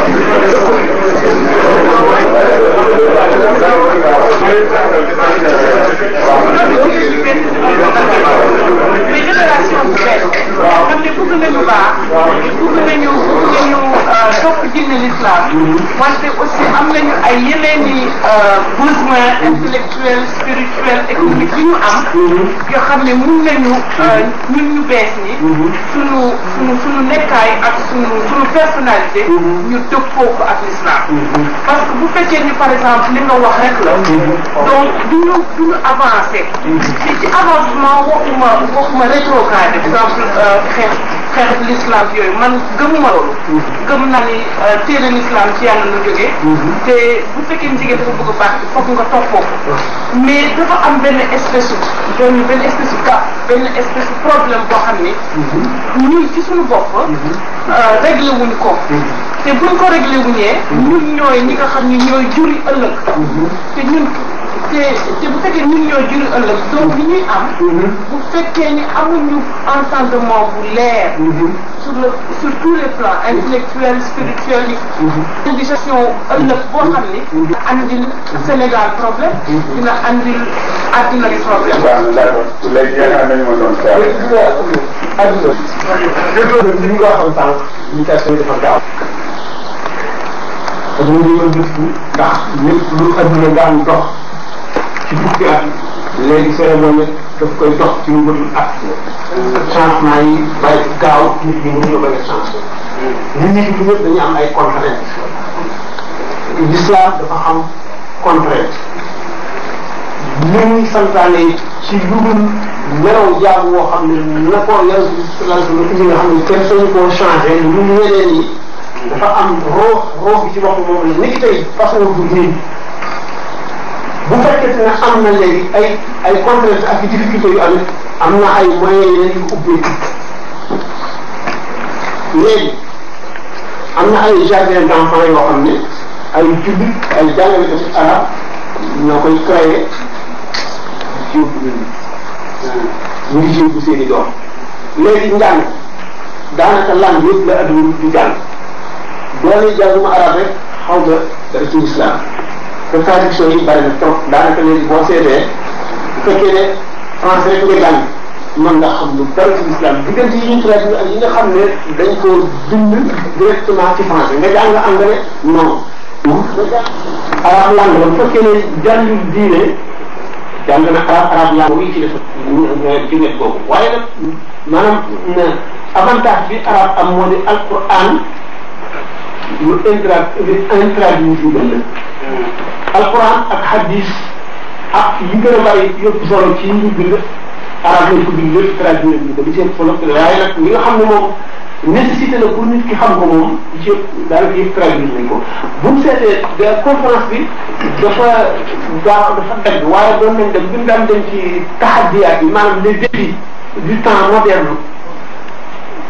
mais génération bu bees xam ne bëgg nañu baax bëgg nañu bëgg nañu euh, topp diine l'islam wante aussi am nañu nañu ay yeneen i euh, besoin intellectuel spirituel économique yi ñu am mm-hmm. yoo xam ne mun nañu euh, mm-hmm. ñun ñu bees ni mm-hmm. suñu suñu suñu nekkaay ak suñu suñu personnalité ñu dëppoo ko ak l'islam parce que bu fekkee ni par exemple li nga wax rek la donc duñu duñu avancé ci ci avancement waxuma waxuma rétrograde exemple euh, xeex xeetu l'islam yooyu man gëmuma loolu. Mhm. gëm naa ni euh, téere l'islam ci yàlla la jógee. Mhm. te bu fekkee jigéen dafa bëgg a baax nga toppoo ko. mais dafa am benn espèce su benn benn espèce su gàpp benn espèce su problème boo xam ni. Mhm. ñun ci suñu bopp. Euh, réglé wuñ ko. te buñ ko réglé wuñee. ñun ñooy ñi nga xam ni ñooy juri ëllëg. te ñun. te te bu fekkee ñun ñoo jur ëllëg donc li ñuy am. Mhm. bu fekkee ni amuñu entendement bu leer. Mhm. sur le sur tous les plans intellectuel spirituel yi. Mhm. éducation ëllëg boo xam ni. dina andil Sénégal problème. dina andil àddina bi problème. waaw d'accord léegi yaakaar nañu ma doon seetlu. léegi ñu nga àdduna bi. ñu nga xam sànq communication yi dafa gaaw. parce que ñu ngi doon gëstu ndax ñëpp lu àdduna daan dox. ci fukki at léegi cérémonie daf koy dox ci lu bëri at changement yi bari gaaw nit ñi mënuñu bañ a changé nit ñi ci ñëpp dañu am ay contraintes l'islam dafa am contrainte li muy ci lu dul nelaw woo xam ne na ko yàlla bi nga xam ne kenn sañu koo changé lu dul dafa am roox roox bi ci boppam moom la tey façon bu nit bu fekkente ne am na léegi ay ay contraintes ak difficultés yu am na ay moyens yeneen yu ubbeeku léegi am na ay jardin d'enfants yoo xam ne ay jullit ay jàngalekat ci arab ñoo koy créé jiw bi ñu ngi jiw bu seen i doom léegi njàng daanaka lan yëpp la adduna di jàng doole jànguma arab rek xaw ma dara ci islam contradiction yi bari na trop daanaka léegi boo seetee bu fekkee ne français rek nga jàng mën nga xam lu bari ci islam diggante yi ñu traduit ak yi nga xam ne dañ koo bind directement ci français nga jàng anglais non. arab langue la bu fekkee ne jàngu diine jàng na arab arab langue yi ci def jëngat boobu waaye nag maanaam avantage bi arab am moo di alquran lu intra intraduisible la alquran ak hadis ak yi gën a bari yëpp solo ci ñu bind arab lañ ko bind lépp traduire ñu ko li ci ëpp solo waaye nag li nga xam ne moom nécessité la pour nit ki xam ko moom li ci ëpp daanaka yëpp traduire nañ ko bu mu seetee da conférence bi dafa gaaw dafa dagg waaye doon nañ dem bi mu daan dem ci taxadiyaat yi maanaam les défis du temps moderne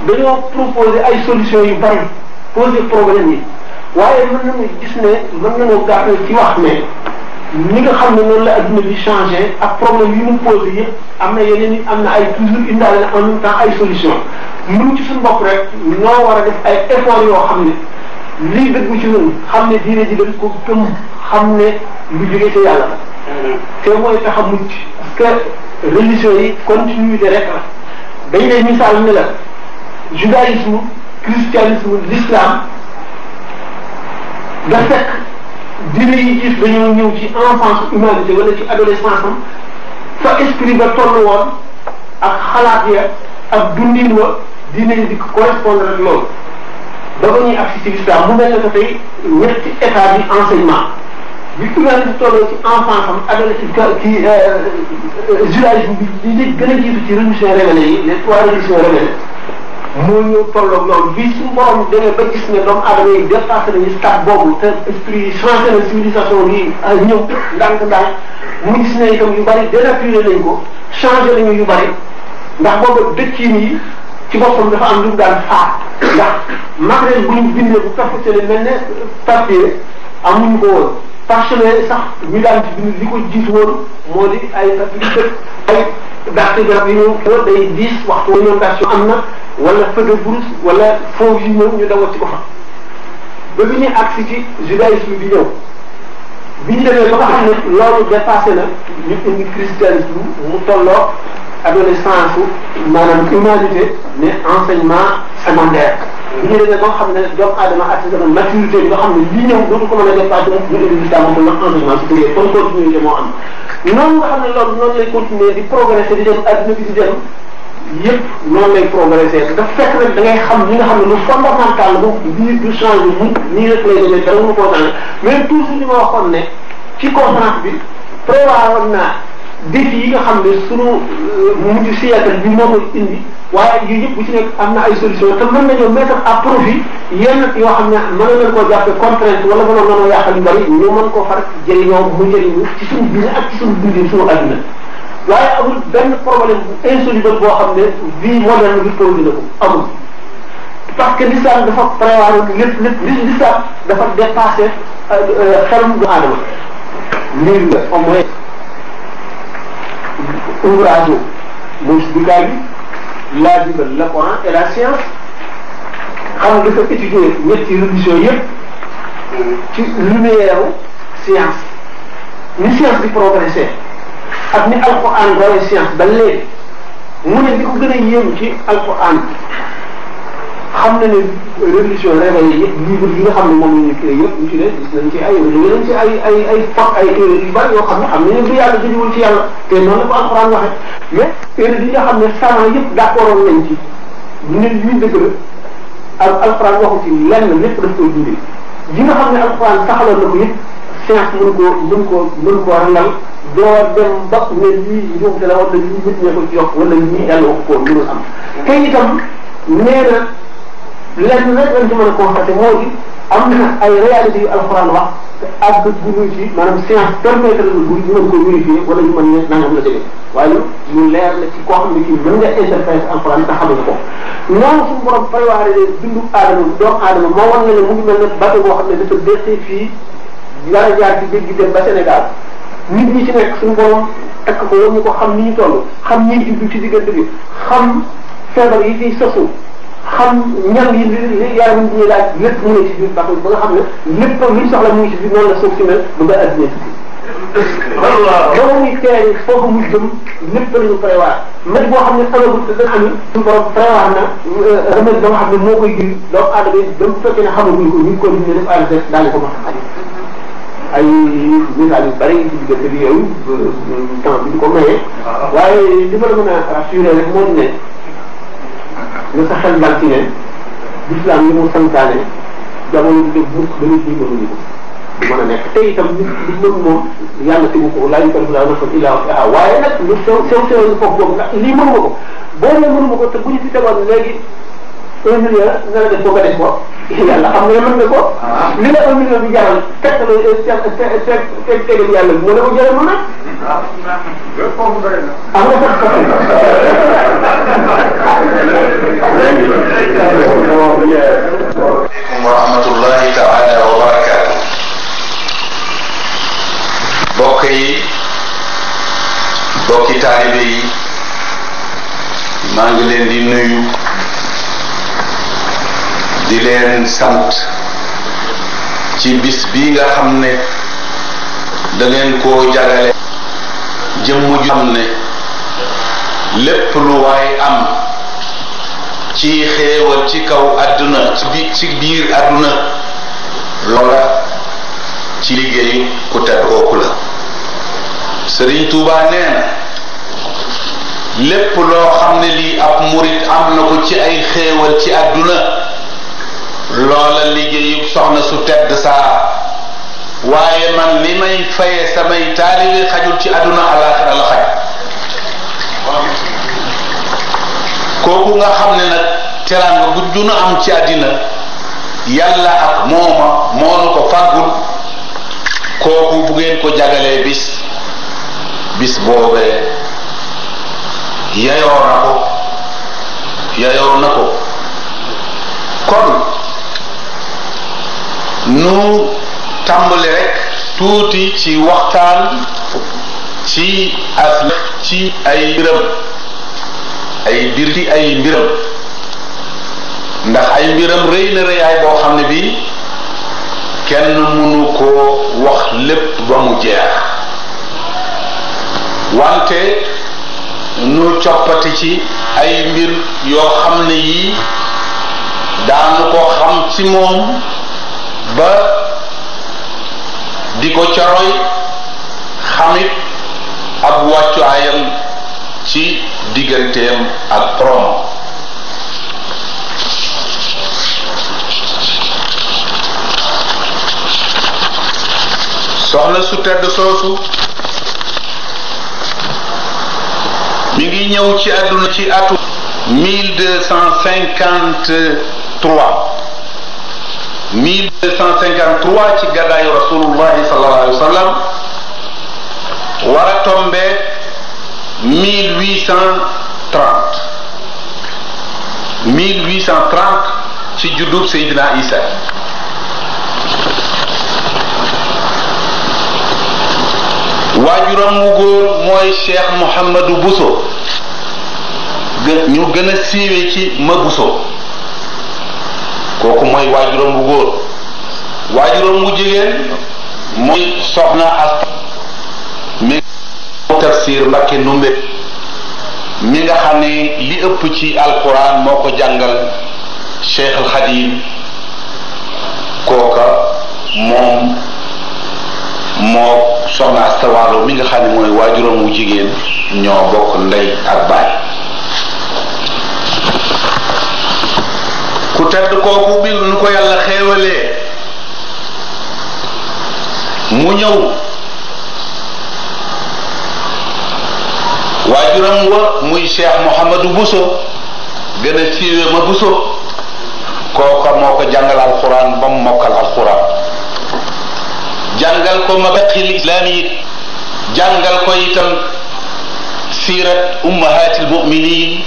dañoo proposer ay solutions yu bari poser problème yi waaye mën nañu gis ne mën nañoo gaaral ci wax ne ni nga xam ne noonu la adduna bi changé a problème yi mu posé yëpp am na yeneen yi am na ay toujours indaale na en ay solution ñun ci suñu bopp rek ñoo war a def ay effort yoo xam ne lii mu ci ñun xam ne diine ji dañ ko gëm xam ne lu jógee ci yàlla la te mooy tax a mucc parce que religion yi continuité rek la dañ lay misaal ne la judaïsme christianisme l'islam nga fekk dina yi gis dañoo ñëw ci enfance humanité wala ci adolescence am fa esprit ba toll woon ak xalaat ya ak dundin wa dina yi di a ak loolu ba ba ñuy agsi ci l'islam mu mel ne que tey ñetti état bi enseignement bi humanité tolloo ci enfance am ci euh, euh, judaïsme bi li gën a jiitu ci religion révélée yi les moo ñëw tolloog bi bii suñu borom demee ba gis ne doomu aadama yi dépassé nañu stade boobu te esprit yi changé na civilisation euh, ñëw ndànk-ndànk mu gis ne itam yu bari dénaturé nañ ko changé nañu yu bari ndax boobu dëkkin yi ci boppam dafa am lu mu daan faat ndax matériel bu ñu bindee bu perfectionné mel ne papier amuñu ko woon. parchemin sax ñu daan ci bind li ko jiitu woon moo ay dëkk ay gàtt garab yi ko day diis waxtu inondation am na wala feu de wala foofu yi ñëw ñu dawal ci ko fa ba bi ñuy agsi ci judaïsme bi ñëw bi ñu demee ba nga xam ne loolu dépassé na ñu indi christianisme mu tolloo adolescence maanaam humanité mais enseignement secondaire bi ñu demee ba xam ne doomu aadama attiré na maturité bi nga xam ne lii ñëw dootu ko a dépassé ñu indi gis daa moom mooy noonu nga xam ne loolu noonu lay continuer di progresser di dem adduna di dem yëpp noonu lay progresser dafa fekk nag da xam li nga xam ne lu fondamental la lii du changer mu nii rek lay demee dara mu ko tànn mais toujours li ma ne ci conférence bi prévoir naa défi yi nga xam ne sunu euh, mujj siècle bi moo koy indi waaye yii yëpp bu ci nekk am na ay solution te mën nañoo mettre à profit yenn yoo xam ne mën nañu koo jàppe contrainte wala mën nañoo yàqal yu bari ñu mën koo far jëriñoo mu jëriñu ci suñu dund ak ci suñu dundin suñu adduna waaye amul benn problème bu insoluble boo xam ne vie moderne bi posé na ko a parce que l'islam dafa prévoir lépp lépp l'islam dafa dépassé euh, euh, xelum a aadama lii la au moins ouvrage modificatif bi laajubal la Coran ah, et la science xam nga dafa étudier ñetti religion yëpp ci lumière science ni science di progressé ak ni alquran doole science ba mu ne di ko gën a yéem ci alquran xam na ne révolution réveillé yëpp livre yi nga xam ne moom la ñu créé yëpp ñu ci ay nañ ci ay ay ay fokk ay erreur yu bari yoo xam ne xam nañ ne bu yàlla jëliwul ci yàlla te noonu la ko alxuraan waxee mais erreur yi nga xam ne savant yëpp d'accordoon nañ ci ñu ne ñuy dëgg la ak alxuraan waxu ci lenn lépp daf koy dundee yi nga xam ne alxuraan taxaloon na ko yëpp science mën koo mën koo mën koo randal doo dem ba ne lii njuumte la wala lii nit ñee ko ci yokk wala lii yàlla wax ko mënul am lenn nag lañ ci mën a constaté moo di am na ay réalités yu alxuraan wax te àgg gu ñu ci maanaam science permettre la bu ñu mën ko vérifier wala ñu mën ne nangam la demee waaye lu leer la ci koo xam ne kii mën nga interpréter alxuraan te xamuñu ko noonu suñu borom prévoir bindu aadama doomu aadama moo wan na ne mu ngi mel ne bateau boo xam ne dafa desee fii war a jaar ci biir gi dem ba Sénégal nit ñi ci nekk suñu borom takk ko war ñu ko xam ni ñu toll xam ñiy jublu ci diggante bi xam feebar yi fiy sosu xam ñam yi li yaram yi ñuy laaj lépp mu ne ci biir baaxul ba nga xam ne lépp luñ soxla mu ngi ci biir noonu la suuf si mel ba nga addina si ba muy teeñ foofu mu jëm lépp lañu prévoir mat boo xam ne amagul te dana am suñu borom prévoir na euh, remède ba nga xam ne moo koy jëriñ doomu aadama yi ba mu fekkee ne xamaguñ ko ñu ko ñu def ànd daal di ko mën a ay misaal yu bëri ci diggante bi yooyu euh, temps bi ñu ko mayee ah. waaye li ma la mën a rassuré rek moo ne na sa xel dal ci ne lislaam li mu santaane jamono bi de buuk ba nit ñi mënuñu ko du mën a nekk te itam nit li mën moom yàlla tegu ko laa yukallifu llaahu nafsan illaa wus'ahaa waaye nag lu sew sew sew foofu boobu ndax lii mënuma ko boo nee mënuma ko te bu ñu ci tegoon léegi un million nga la def ko nga def ko yàlla xam nga mën nga ko. Ah. li la un million bi jaral fekk na eh, eh, fekk fekk fekk tegal yàlla mu ne ko jaral mu nag. am nga sax sax. wa rahmatullahi taala wa barakatu. mbokk yi mbokki taalibe yi maa ngi leen di nuyu. di leen sant ci bis bi nga xam ne dangeen ngeen koo jagale jëmm ju xam ne lépp lu waay am ci xéewal ci kaw àdduna ci biir àdduna loola ci liggéey ku tedd kooku la Sëriñ Tuubaa nee lépp loo xam ne lii ab murit am na ko ci ay xéewal ci àdduna loola liggéeyu soxna su tedd saa waaye man li may faye samay taalibe xajul ci àdduna alaxira la xaj kooku nga xam ne nag teraanga guddu nu am ci àddina yàlla ak mooma moonu ko fàggul kooku bu ngeen ko jagalee bis bis boobee yayoo na ko yayoo na ko kon nu tàmbali rekk tuuti ci waxtaan ci ak ci ay mbiram ay bir ay mbiram ndax ay mbiram rëy na rëyaay boo xam ne bii kenn mënu koo wax lépp ba mu jeex wante nu coppati ci ay mbir yoo xam ne yii daanu ko xam ci moom ba di ko coroy xamit ab wàccuwaayam ci digganteem ak borom soxna su tedd soosu mi ngi ñëw ci àdduna ci atu mille deux cent cinquante 1253 ci gàddaayu rasulullahi sallallahu alayhi wa sallam war a tombe ci juddub Seydina Isa waajuram wu góor mooy Cheikh Mouhamadou Bousso ñu gën a siiwee ci ma Bousso kooku mooy waajuram bu góor waajuram bu jigéen mooy soxna asta mi tafsir nga xam ne li ëpp ci alquran moo ko jàngal Cheikh al Xadim kooka moom moo soxna asta mi nga xam ne mooy waajuram bu jigéen ñoo bokk ndey ak baay ku tedd kooku bi nu ko yàlla xéewalee mu ñëw waajuram wa muy cheikh Mouhamadou Bousso gën a siiwee ma Bousso kooka moo ko jàngal alxuraan ba mu mokkal alxuraan jàngal ko mabaqil islaamiyit jàngal ko itam siirat ummahatil muminin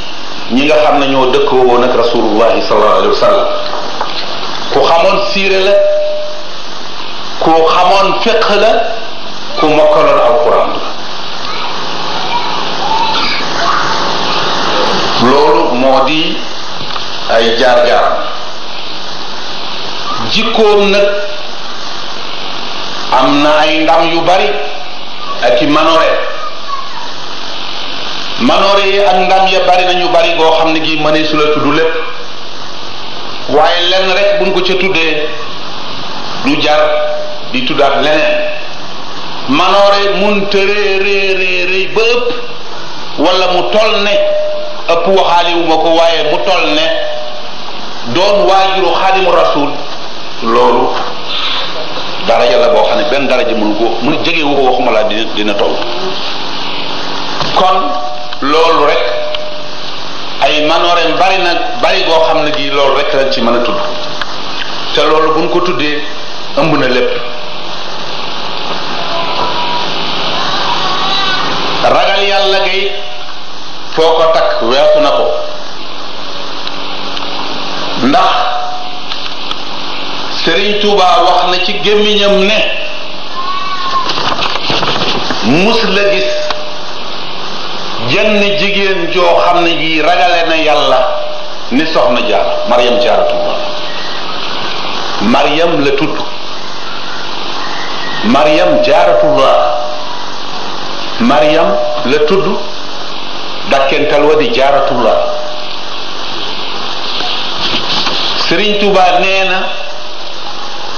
ñi nga xam ne ñoo dëkkoo woon ak rasulullahi sallallahu alayhi wa ku xamoon siire la ku xamoon fiq la ku mokkaloon alquran la loolu moo di ay jaar-jaaram jikkoom nag am na ay ndam yu bari ak i manoore manoore yi ak ndam ya bari nañu bari goo xam ne gi mënee su la tudd lépp waaye lenn rek buñ ko ca tuddee du jar di tuddaat leneen manoore mun tëree rée rée ba ëpp wala mu toll ne ëpp waxaaliwu ko waaye mu toll ne doon waajuru xaadimu rasul loolu daraja la boo xam ne benn daraja mënu ko mënu jegewu waxuma laa dina dina kon loolu rek ay manooreen bari na bari goo xam ne gii loolu rek lañ ci mën a tudd te loolu buñ ko tuddee ëmb na lépp ragal yàlla gi foo ko takk weesu na ko ndax Sëriñ Tuuba wax na ci gémmiñam ne mus la gis jenn jigéen joo xam ne ji ragale na yàlla ni soxna jaara Maryam Jaaratullah Maryam la tudd Maryam Jaaratullah Maryam la tudd dakkental wa di Jaaratullah Sëriñ tuuba nee na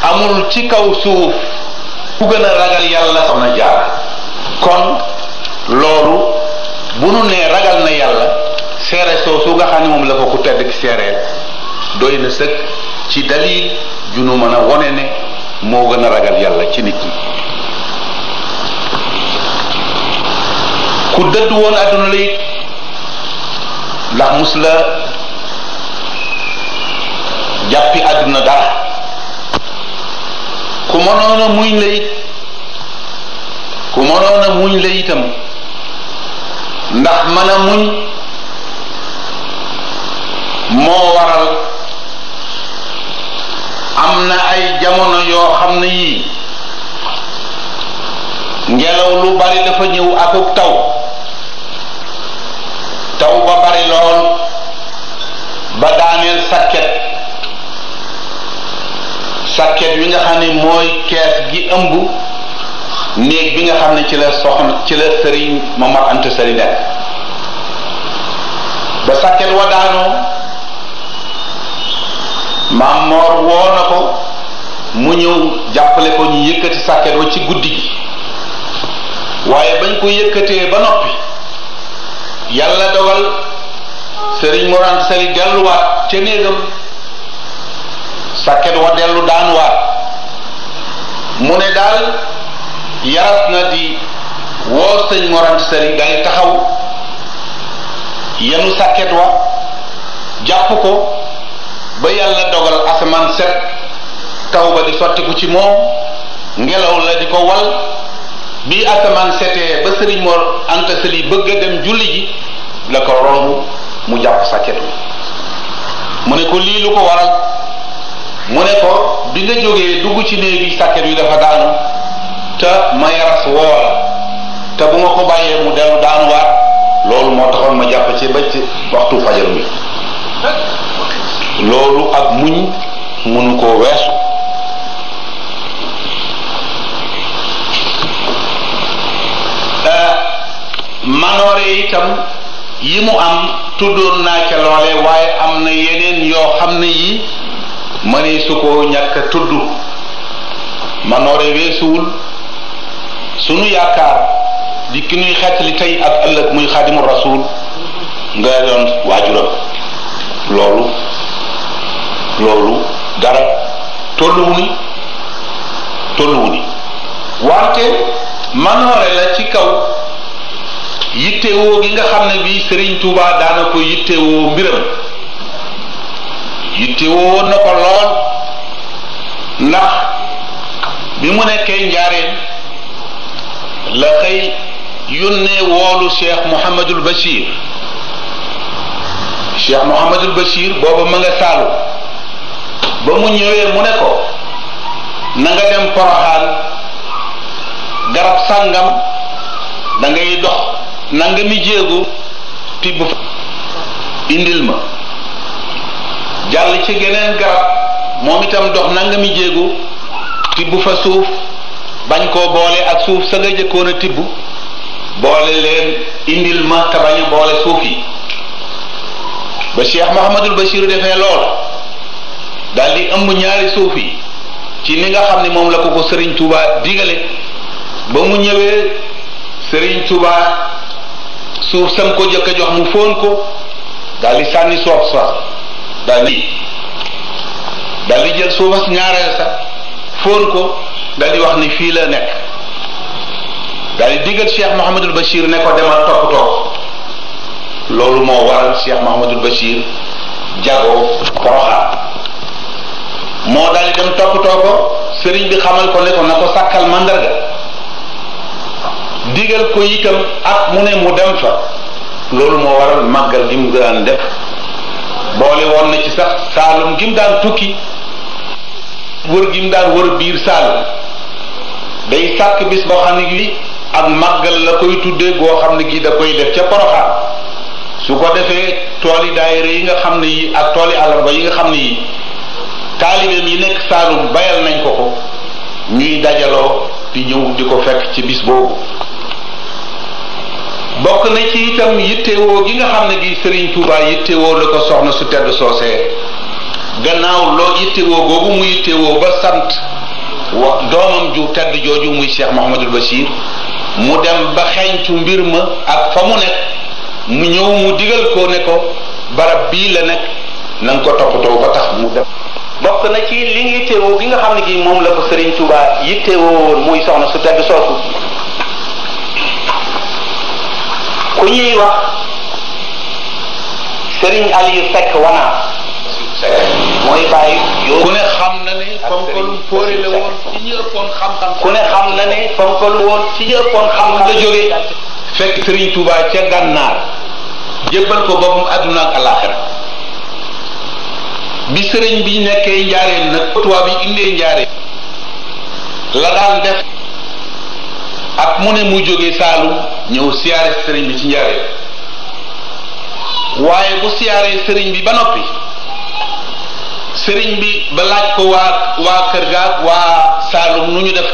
amul ci kaw suuf ku gën a ragal yàlla soxna jaara kon loolu bu nu nee ragal na yàlla seere soosu nga xam ne moom la ko ku tedd ki seereel doy na sëkk ci dalil ju nu mën a wone ne moo gën a ragal yàlla ci nit ñi ku dëdd woon àdduna la it ndax mus jàppi àdduna dara ku mënoon a muñ la it ku mënoon a muñ la itam ndax mën a muñ moo waral am na ay jamono yoo xam ne yii ngelaw lu bari dafa ñëw akuk taw taw ba bari lool ba daaneel sàkket sàkket wi nga xam ne mooy kees gi ëmb néeg bi nga xam ne ci la soxna ci la sëriñ Momar Anta Sali nekk ba sàkket wa daanoo maam Moor woo ko mu ñëw jàppale ko ñu yëkkati sàkket wa ci guddi gi waaye bañ ko yëkkatee ba noppi yàlla dogal sëriñ Momar Anta Sali delluwaat ca néegam sàkket wa dellu daanuwaat mu ne daal yaras na di woo sëñ moram sëriñ day taxaw yenu sàkket wa jàpp ko ba yàlla dogal asamaan set taw ba di sottiku ci moom ngelaw la di ko wal bi asamaan setee ba sëriñ Mor Anta Sali bëgg a dem julli ji la ko romb mu jàpp sàkket wi mu ne ko lii lu ko waral mu ne ko bi nga jógee dugg ci néeg yi sàkket wi dafa daanu te ma yaras woola te bu ma ko bàyyee mu dellu daanuwaat loolu moo taxoon ma jàpp ci ba ci waxtu fajar bi loolu ak muñ munu koo weesu manoore itam yi mu am tuddoon naa ca waaye am na yeneen yoo xam ne yi mënee su ko ñàkk tudd manoore weesuwul suñu yaakaar di ki ñuy nuy li tey ak ëllëg muy xaadimu rasul nga doon waajuram loolu loolu dara tolluwu ni tolluwu ni wante manoore la ci kaw yittewoo gi nga xam ne bii sëriñ Touba daana ko yittewoo mbiram yittewoo na ko lool ndax bi mu nekkee njaareen la xëy yónnee woolu cheikh Mouhamadul Bachir cheikh Mouhamadul Bachir booba ma nga saalu ba mu ñëwee mu ne ko na nga dem poroxaan garab sàngam da dox na nga mi jéegu tibb fa indil ma jàll ci geneen garab moom itam dox na nga mi jéegu tibb fa suuf bañ koo boolee ak suuf sa nga jëkkoon a tibb boole leen indil ma te boole suuf yi ba Cheikh Mahamadul Bachir defee lool daal di ëmb ñaari suuf yi ci ni nga xam ne moom la ko ko sëriñ Touba digale ba mu ñëwee sëriñ Touba suuf sam ko jëkk jox mu fóon ko daal sànni soof sa daal di daal di jël suufas ñaareel sa fóon ko daal di wax ni fii la nekk daal di digal Cheikh Mouhamadul Bachir ne ko demal toppatoo loolu moo waral Cheikh Mouhamadul Bachir jagoo Poroxaan moo daal dem toppatoo ko sëriñ bi xamal ko ne ko na ko sàkkal màndarga digal ko itam ak mu ne mu dem fa loolu moo waral màggal gi mu daan def boole woon na ci sax saalum gi mu daan tukki wër gi mu daan wër biir Saalum day sàkk bis boo xam ne li ak màggal la koy tuddee goo xam ne gi da koy def ca Poroxaan su ko defee tool yi daayira yi nga xam ne yi ak tool yi àllarba yi nga xam ne yi taalibeem yi nekk Saalum bayal nañ ko ko ñuy dajaloo di ñëw di ko fekk ci bis boobu bokk na ci itam yittewoo gi nga xam ne gi Serigne Touba yittewoo la ko soxna su tedd soosee gannaaw loo yittewoo boobu mu yittewoo ba sant wa doomam ju tedd jooju muy Cheikh Mouhamadul Bachir mu dem ba xeeñtu mbir ma ak fa mu nekk mu ñëw mu digal ko ne ko barab bii la nekk na nga ko toppatoo ba tax mu dem. bokk na ci li ngi yittewoo gi nga xam ne gi moom la ko Serigne Touba yittewoo woon muy soxna su tedd soosu ku ñuy wax Serigne Aliou Seck wanaa. mooy bàyyi. ku ne xam na ne ponkalu póore la woon ci ñi ku ne xam na ne ponkalu woon ci ñi la jógee. fekk Serigne Touba ca gànnaar jébbal ko boppam adduna ak alaxira bi sëriñ bi nekkee njaareel nag tubaab yi indee njaareel la daan def ak mu ne mu jógee Saalum ñëw siyaare sëriñ bi ci njaareel waaye bu siyaaree sëriñ bi ba noppi sëriñ bi ba ko waa waa kër gaag waa saalum nu ñu def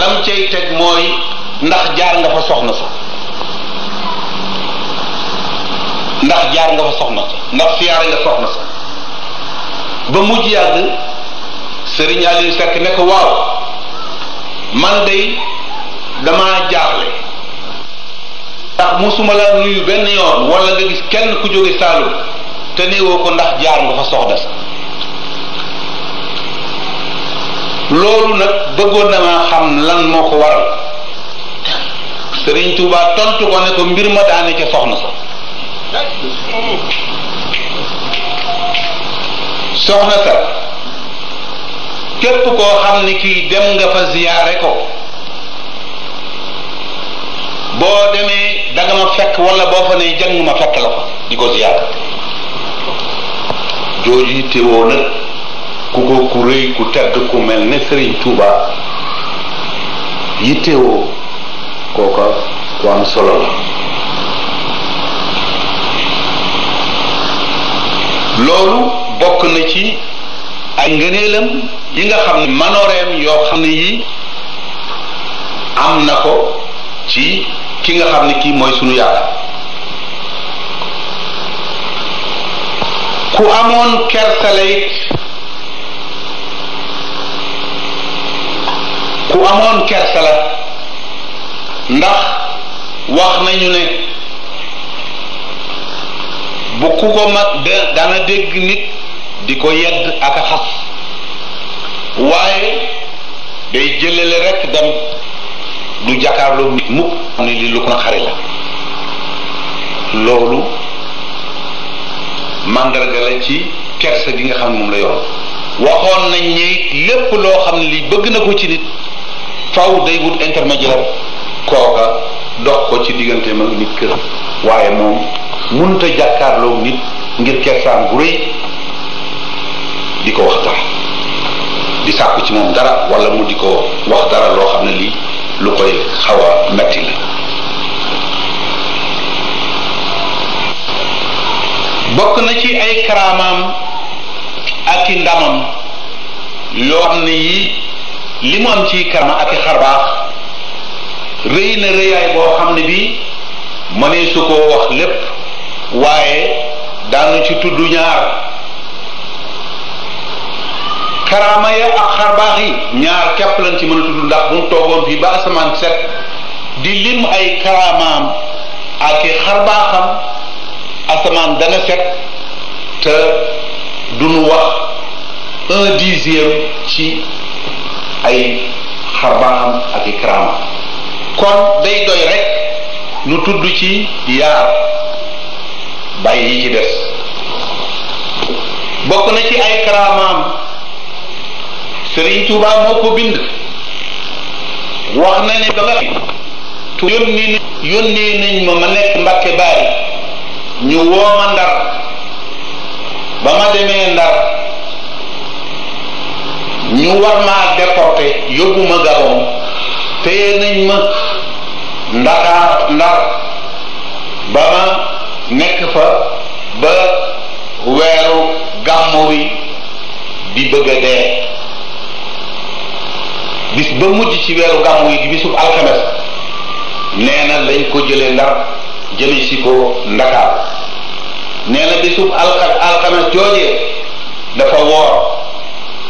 lam cay teg mooy ndax jaar nga fa soxna sa ndax jaar nga fa soxna sa ndax siyaare nga soxna sa ba mujj yàgg sëriñ Aliou Seck ne ko waaw man day dama jaarle ndax musuma la nuyu benn yoon wala nga gis kenn ku jóge saalum te néewoo ko ndax jaar nga fa soxna sa loolu nag bëggoon na maa xam lan moo ko waral Sëriñ Tuubaa tontu ko ne ko mbir ma daane ca soxna sa soxna sa képp koo xam ni kii dem nga fa ziyaare ko boo demee danga ma fekk walla boo fa ne jàng fekk la fa di ko ziyaare jooju yittewoo nag ku ko ku rëy ku tedd ku mel ni Sëriñ Tuuba yittewoo kooka ku am solo la loolu bokk na ci ay ngëneelam yi nga xam ne manooreem yoo xam ne yi am na ko ci ki nga xam ni kii mooy sunu yàlla ku amoon kersalay ku amoon kersala ndax wax nañu ne bu ku ko mag dana dégg nit di ko yedd ak a xas waaye day jëlale rek dem du jàkkaarloo nit mukk na xari la loolu màndarga la ci kersa gi nga xam ne moom la yor waxoon nañ lépp loo xam ne li bëgg na ko ci nit faw day wut intermédiaire kooka dox ko ci diggante mag nit kër waaye moom mënut a jàkkaarloo nit ngir kersaam gu rëy di ko wax dara di sàkku ci moom dara wala mu di ko wax dara loo xam ne lii lu koy xaw metti la bokk na ci ay karaamaam ak i ndamam yoo ne yii li mu am ci karama ak i xarbaax rëy na rëyaay boo xam ne bii mënee su koo wax lépp waaye daanu ci tudd ñaar karaama ya ak xarbaax yi ñaar képp lañ ci mën a tudd ndax bu mu toogoon fii ba asamaan set di lim ay karaamaam ak i xarbaaxam asamaan dana set te du nu wax un dixième ci ay xarbaaxam ak i kon day doy rek nu tudd ci yaar bàyyi yi ci des bokk na ci ay karaamaam Sëriñ Tuubaa moo ko bind wax na ne ba nga yónnee yónnee nañ ma ma nekk Mbàkke Baari ñu wooma ndar ba ma demee ndar ñu war maa déporté yóbbu ma Gabon téye nañ ma ndakaar ndar ba ma nekk fa ba weeru gàmmu wi di bëgg a dee bis ba mujj ci weeru gàmmu yi di bisub alxames nee na lañ ko jële ndar jëli si ko ndakaar nee na bisub alka joojee dafa woor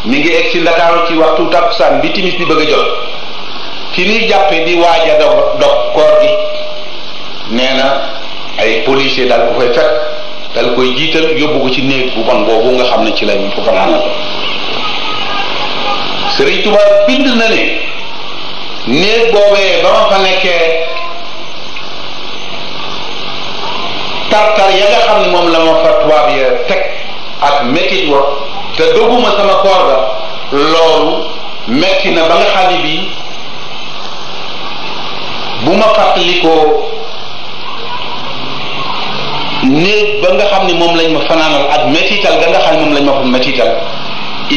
mi ngi egg si ndakaaru ci waxtu takkusaan bi timis bi bëgg a jot ki ñuy jàppe di waaja dog dog koor gi nee na ay policier daal ko fay fekk dal koy jiital yóbbu ko ci néeg bu bon boobu nga xam ne ci lay mu fanaana Sëriñ Tuubaa bind na ne néeg boobee ba ma fa nekkee tartar ya nga xam ne moom la ma fa tubaab ya teg ak métit wa te doguma sama koor ga loolu metti na ba nga xam ne bii bu ma fàttalikoo néeg ba nga xam ne moom lañ ma fanaanal ak métital ga nga xam ne moom lañ ma fa métital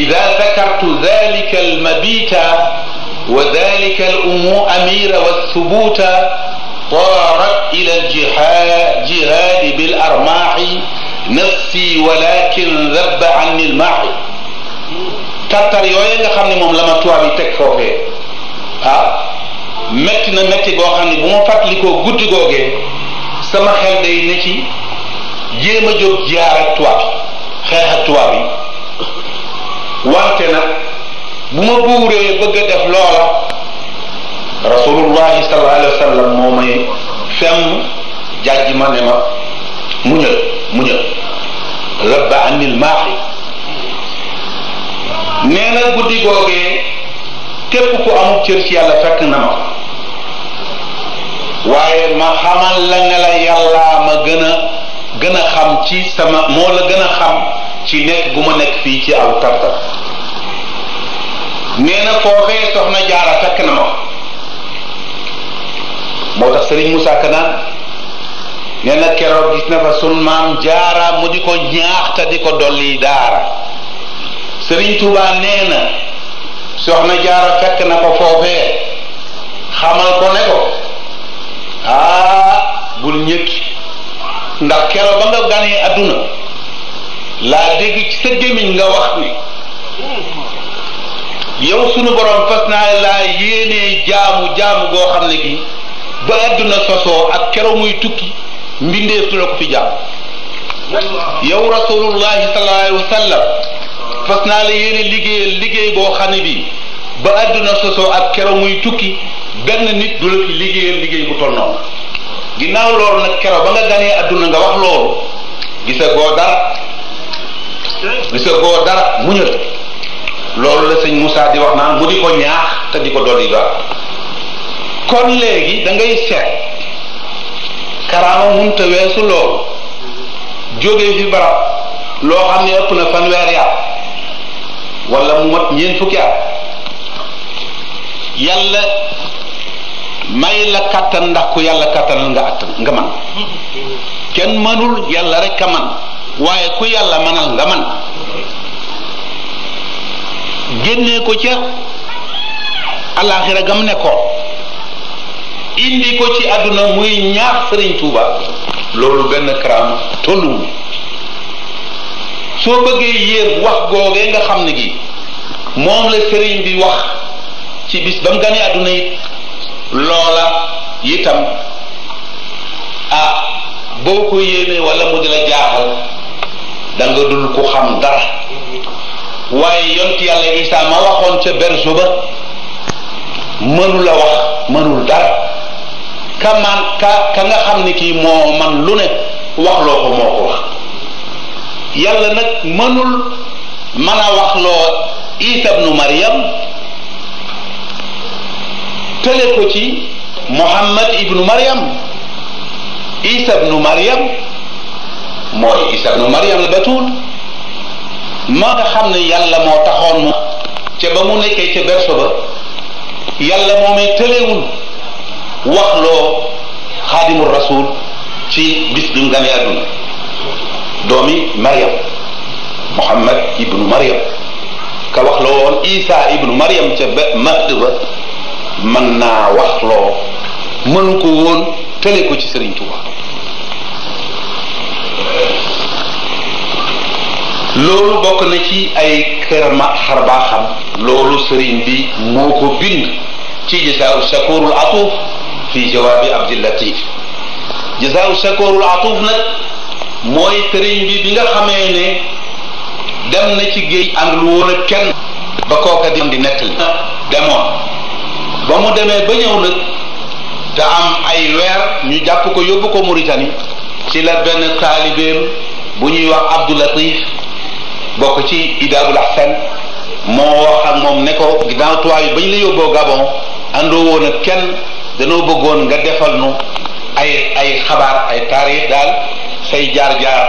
ida dakartu dalika almabita wa dalika al umu amira wa subuta taarat إلى الجهاد بالأرماح نفسي ولكن ذب عني الماح kattar yooyu nga xam ne moom la ma tubaab yi teg foofee ah metti na metti boo xam ne bu ma fàttalikoo guddi googee sama day ne ci jéem a jóg jaar ak xeex ak tubaab yi wante bu ma buuree bëgg a def loola rasulullahi sallallahu femm jàjj ma ne ma muñal muñal rabba anil maaxi nee na guddi googee képp ku amul cër ci yàlla fekk na ma waaye ma xamal la ne la yàllaa ma gën a gën a xam ci sama moo la gën a xam ci nekk bu ma nekk fii ci aw tartar nee na foofee soxna jaara fekk na ma moo tax Serigne Moussa Kanaan nee na keroog gis na fa sun maam jaara mu di ko ñaax di ko dolli daara Serigne Touba nee na soxna jaara fekk na ko foofee xamal ko ne ko ah bul ñëkki ndax keroog ba nga ganee adduna laa dégg ci sa gémmiñ nga wax ni yow sunu borom fas naa laa yéenee jaamu jaamu goo xam ne gi ba àdduna sosoo ak kero muy tukki mbindeef la ko fi jàpp yow rasulullahi sallallahu alayhi fas naa la yéene liggéeyal liggéey boo xam bii ba àdduna sosoo ak kero muy tukki benn nit du la fi liggéeyal liggéey bu toll noonu ginnaaw loolu nag kero ba nga ganee àdduna nga wax loolu gisa goo dara gisa goo dara muñal loolu la sëñ Moussa di wax naan mu di ko ñaax te di ko dolli dara kon léegi dangay ngay seet karaama munta weesu loolu jógee fi barab loo xam ne ëpp na fanweeri at wala mu mat ñeent fukki at yàlla may la kàttan ndax ku yàlla kàttanal nga attan nga man kenn mënul yàlla rekk a man waaye ku yàlla manal nga man génnee ko ca alaaxira gam nekkoon indi ko ci àdduna muy ñaax sëriñ Tuuba loolu benn karaama tolluwul soo bëggee yéeg wax googee nga xam ne gi moom la sëriñ bi wax ci bis ba mu ganee àdduna it loola itam ah boo ko yéenee wala mu di la jaaxal da dul ko xam dara waaye yont yàlla Isaa ma waxoon ca berso ba mënula wax mënul dara ka man ka nga xam ne kii moo man lu ne wax loo ko moo ko wax yàlla nag mënul mën a wax loo isa bnu mariam tële ko ci muhammad ibnu mariam isa bnu mariam mooy isa bnu ma nga xam ne yàlla moo taxoon mu ca ba mu nekkee ca berso ba yàlla moomee tëlewul wax loo xaadimu rasul ci bis bi mu ganee àdduna doomi Maryam Muhammad ibnu Maryam ka wax loo woon Isa ibnu Maryam ca ba matt naa wax loo mënu ko woon tële ko ci Sëriñ Tuuba loolu bokk na ci ay kërama xarbaaxam loolu sëriñ bi moo ko bind ci jisaaru shakurul atuuf fi jawaabi Abdil Latif jazaaru shakoorul atuuf nag mooy sëriñ bi bi nga xamee ne dem na ci géej ànd lu woon kenn ba kooka di di nettali demoon ba mu demee ba ñëw nag te am ay weer ñu jàpp ko yóbbu ko Mauritanie ci la benn taalibeem bu ñuy wax Abdul Latif bokk ci Idaabul Ahsan moo wax ak moom ne ko ginnaaw tuwaay yi ba ñu la yóbboo Gabon àndoo woon kenn danoo bëggoon nga defal nu ay ay xabaar ay taarix daal say jaar-jaar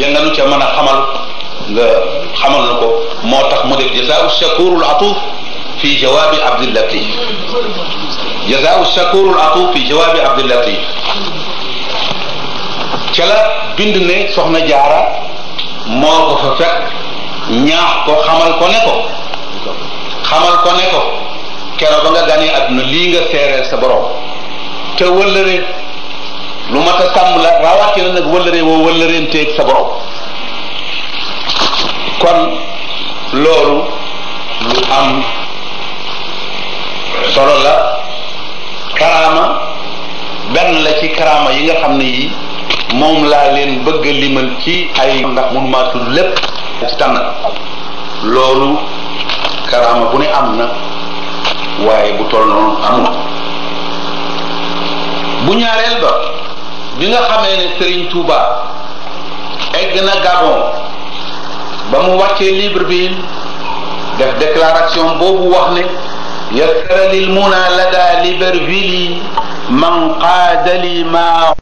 ya nga nu ca mën a xamal nga xamal nu ko moo tax mu def jazaau shakurul atuf fi jawaabi abdillatif jazaau shakurul atuf fi jawaabi abdillatif ca la bind ne soxna jaara moo ko fa fekk ñaax ko xamal ko ne ko xamal ko ne ko kero ba nga ganee àdduna lii nga seereel sa borom te wëllëre lu mat a sàmm la rawatina nag wëllëre woo wëllëreenteeg sa borom kon loolu lu am solo la karaama benn la ci karaama yi nga xam ne yi moom laa leen bëgg a limal ci ay ndax mënumaa lépp ci tànn loolu karaama bu ne am na waay bu toll noonu amul bu ñaareel ba bi nga xamee ne Serigne Touba egg na Gabon ba mu wàccee Libreville def déclaration boobu wax ne yasara lil muna lada Libreville man qaadali ma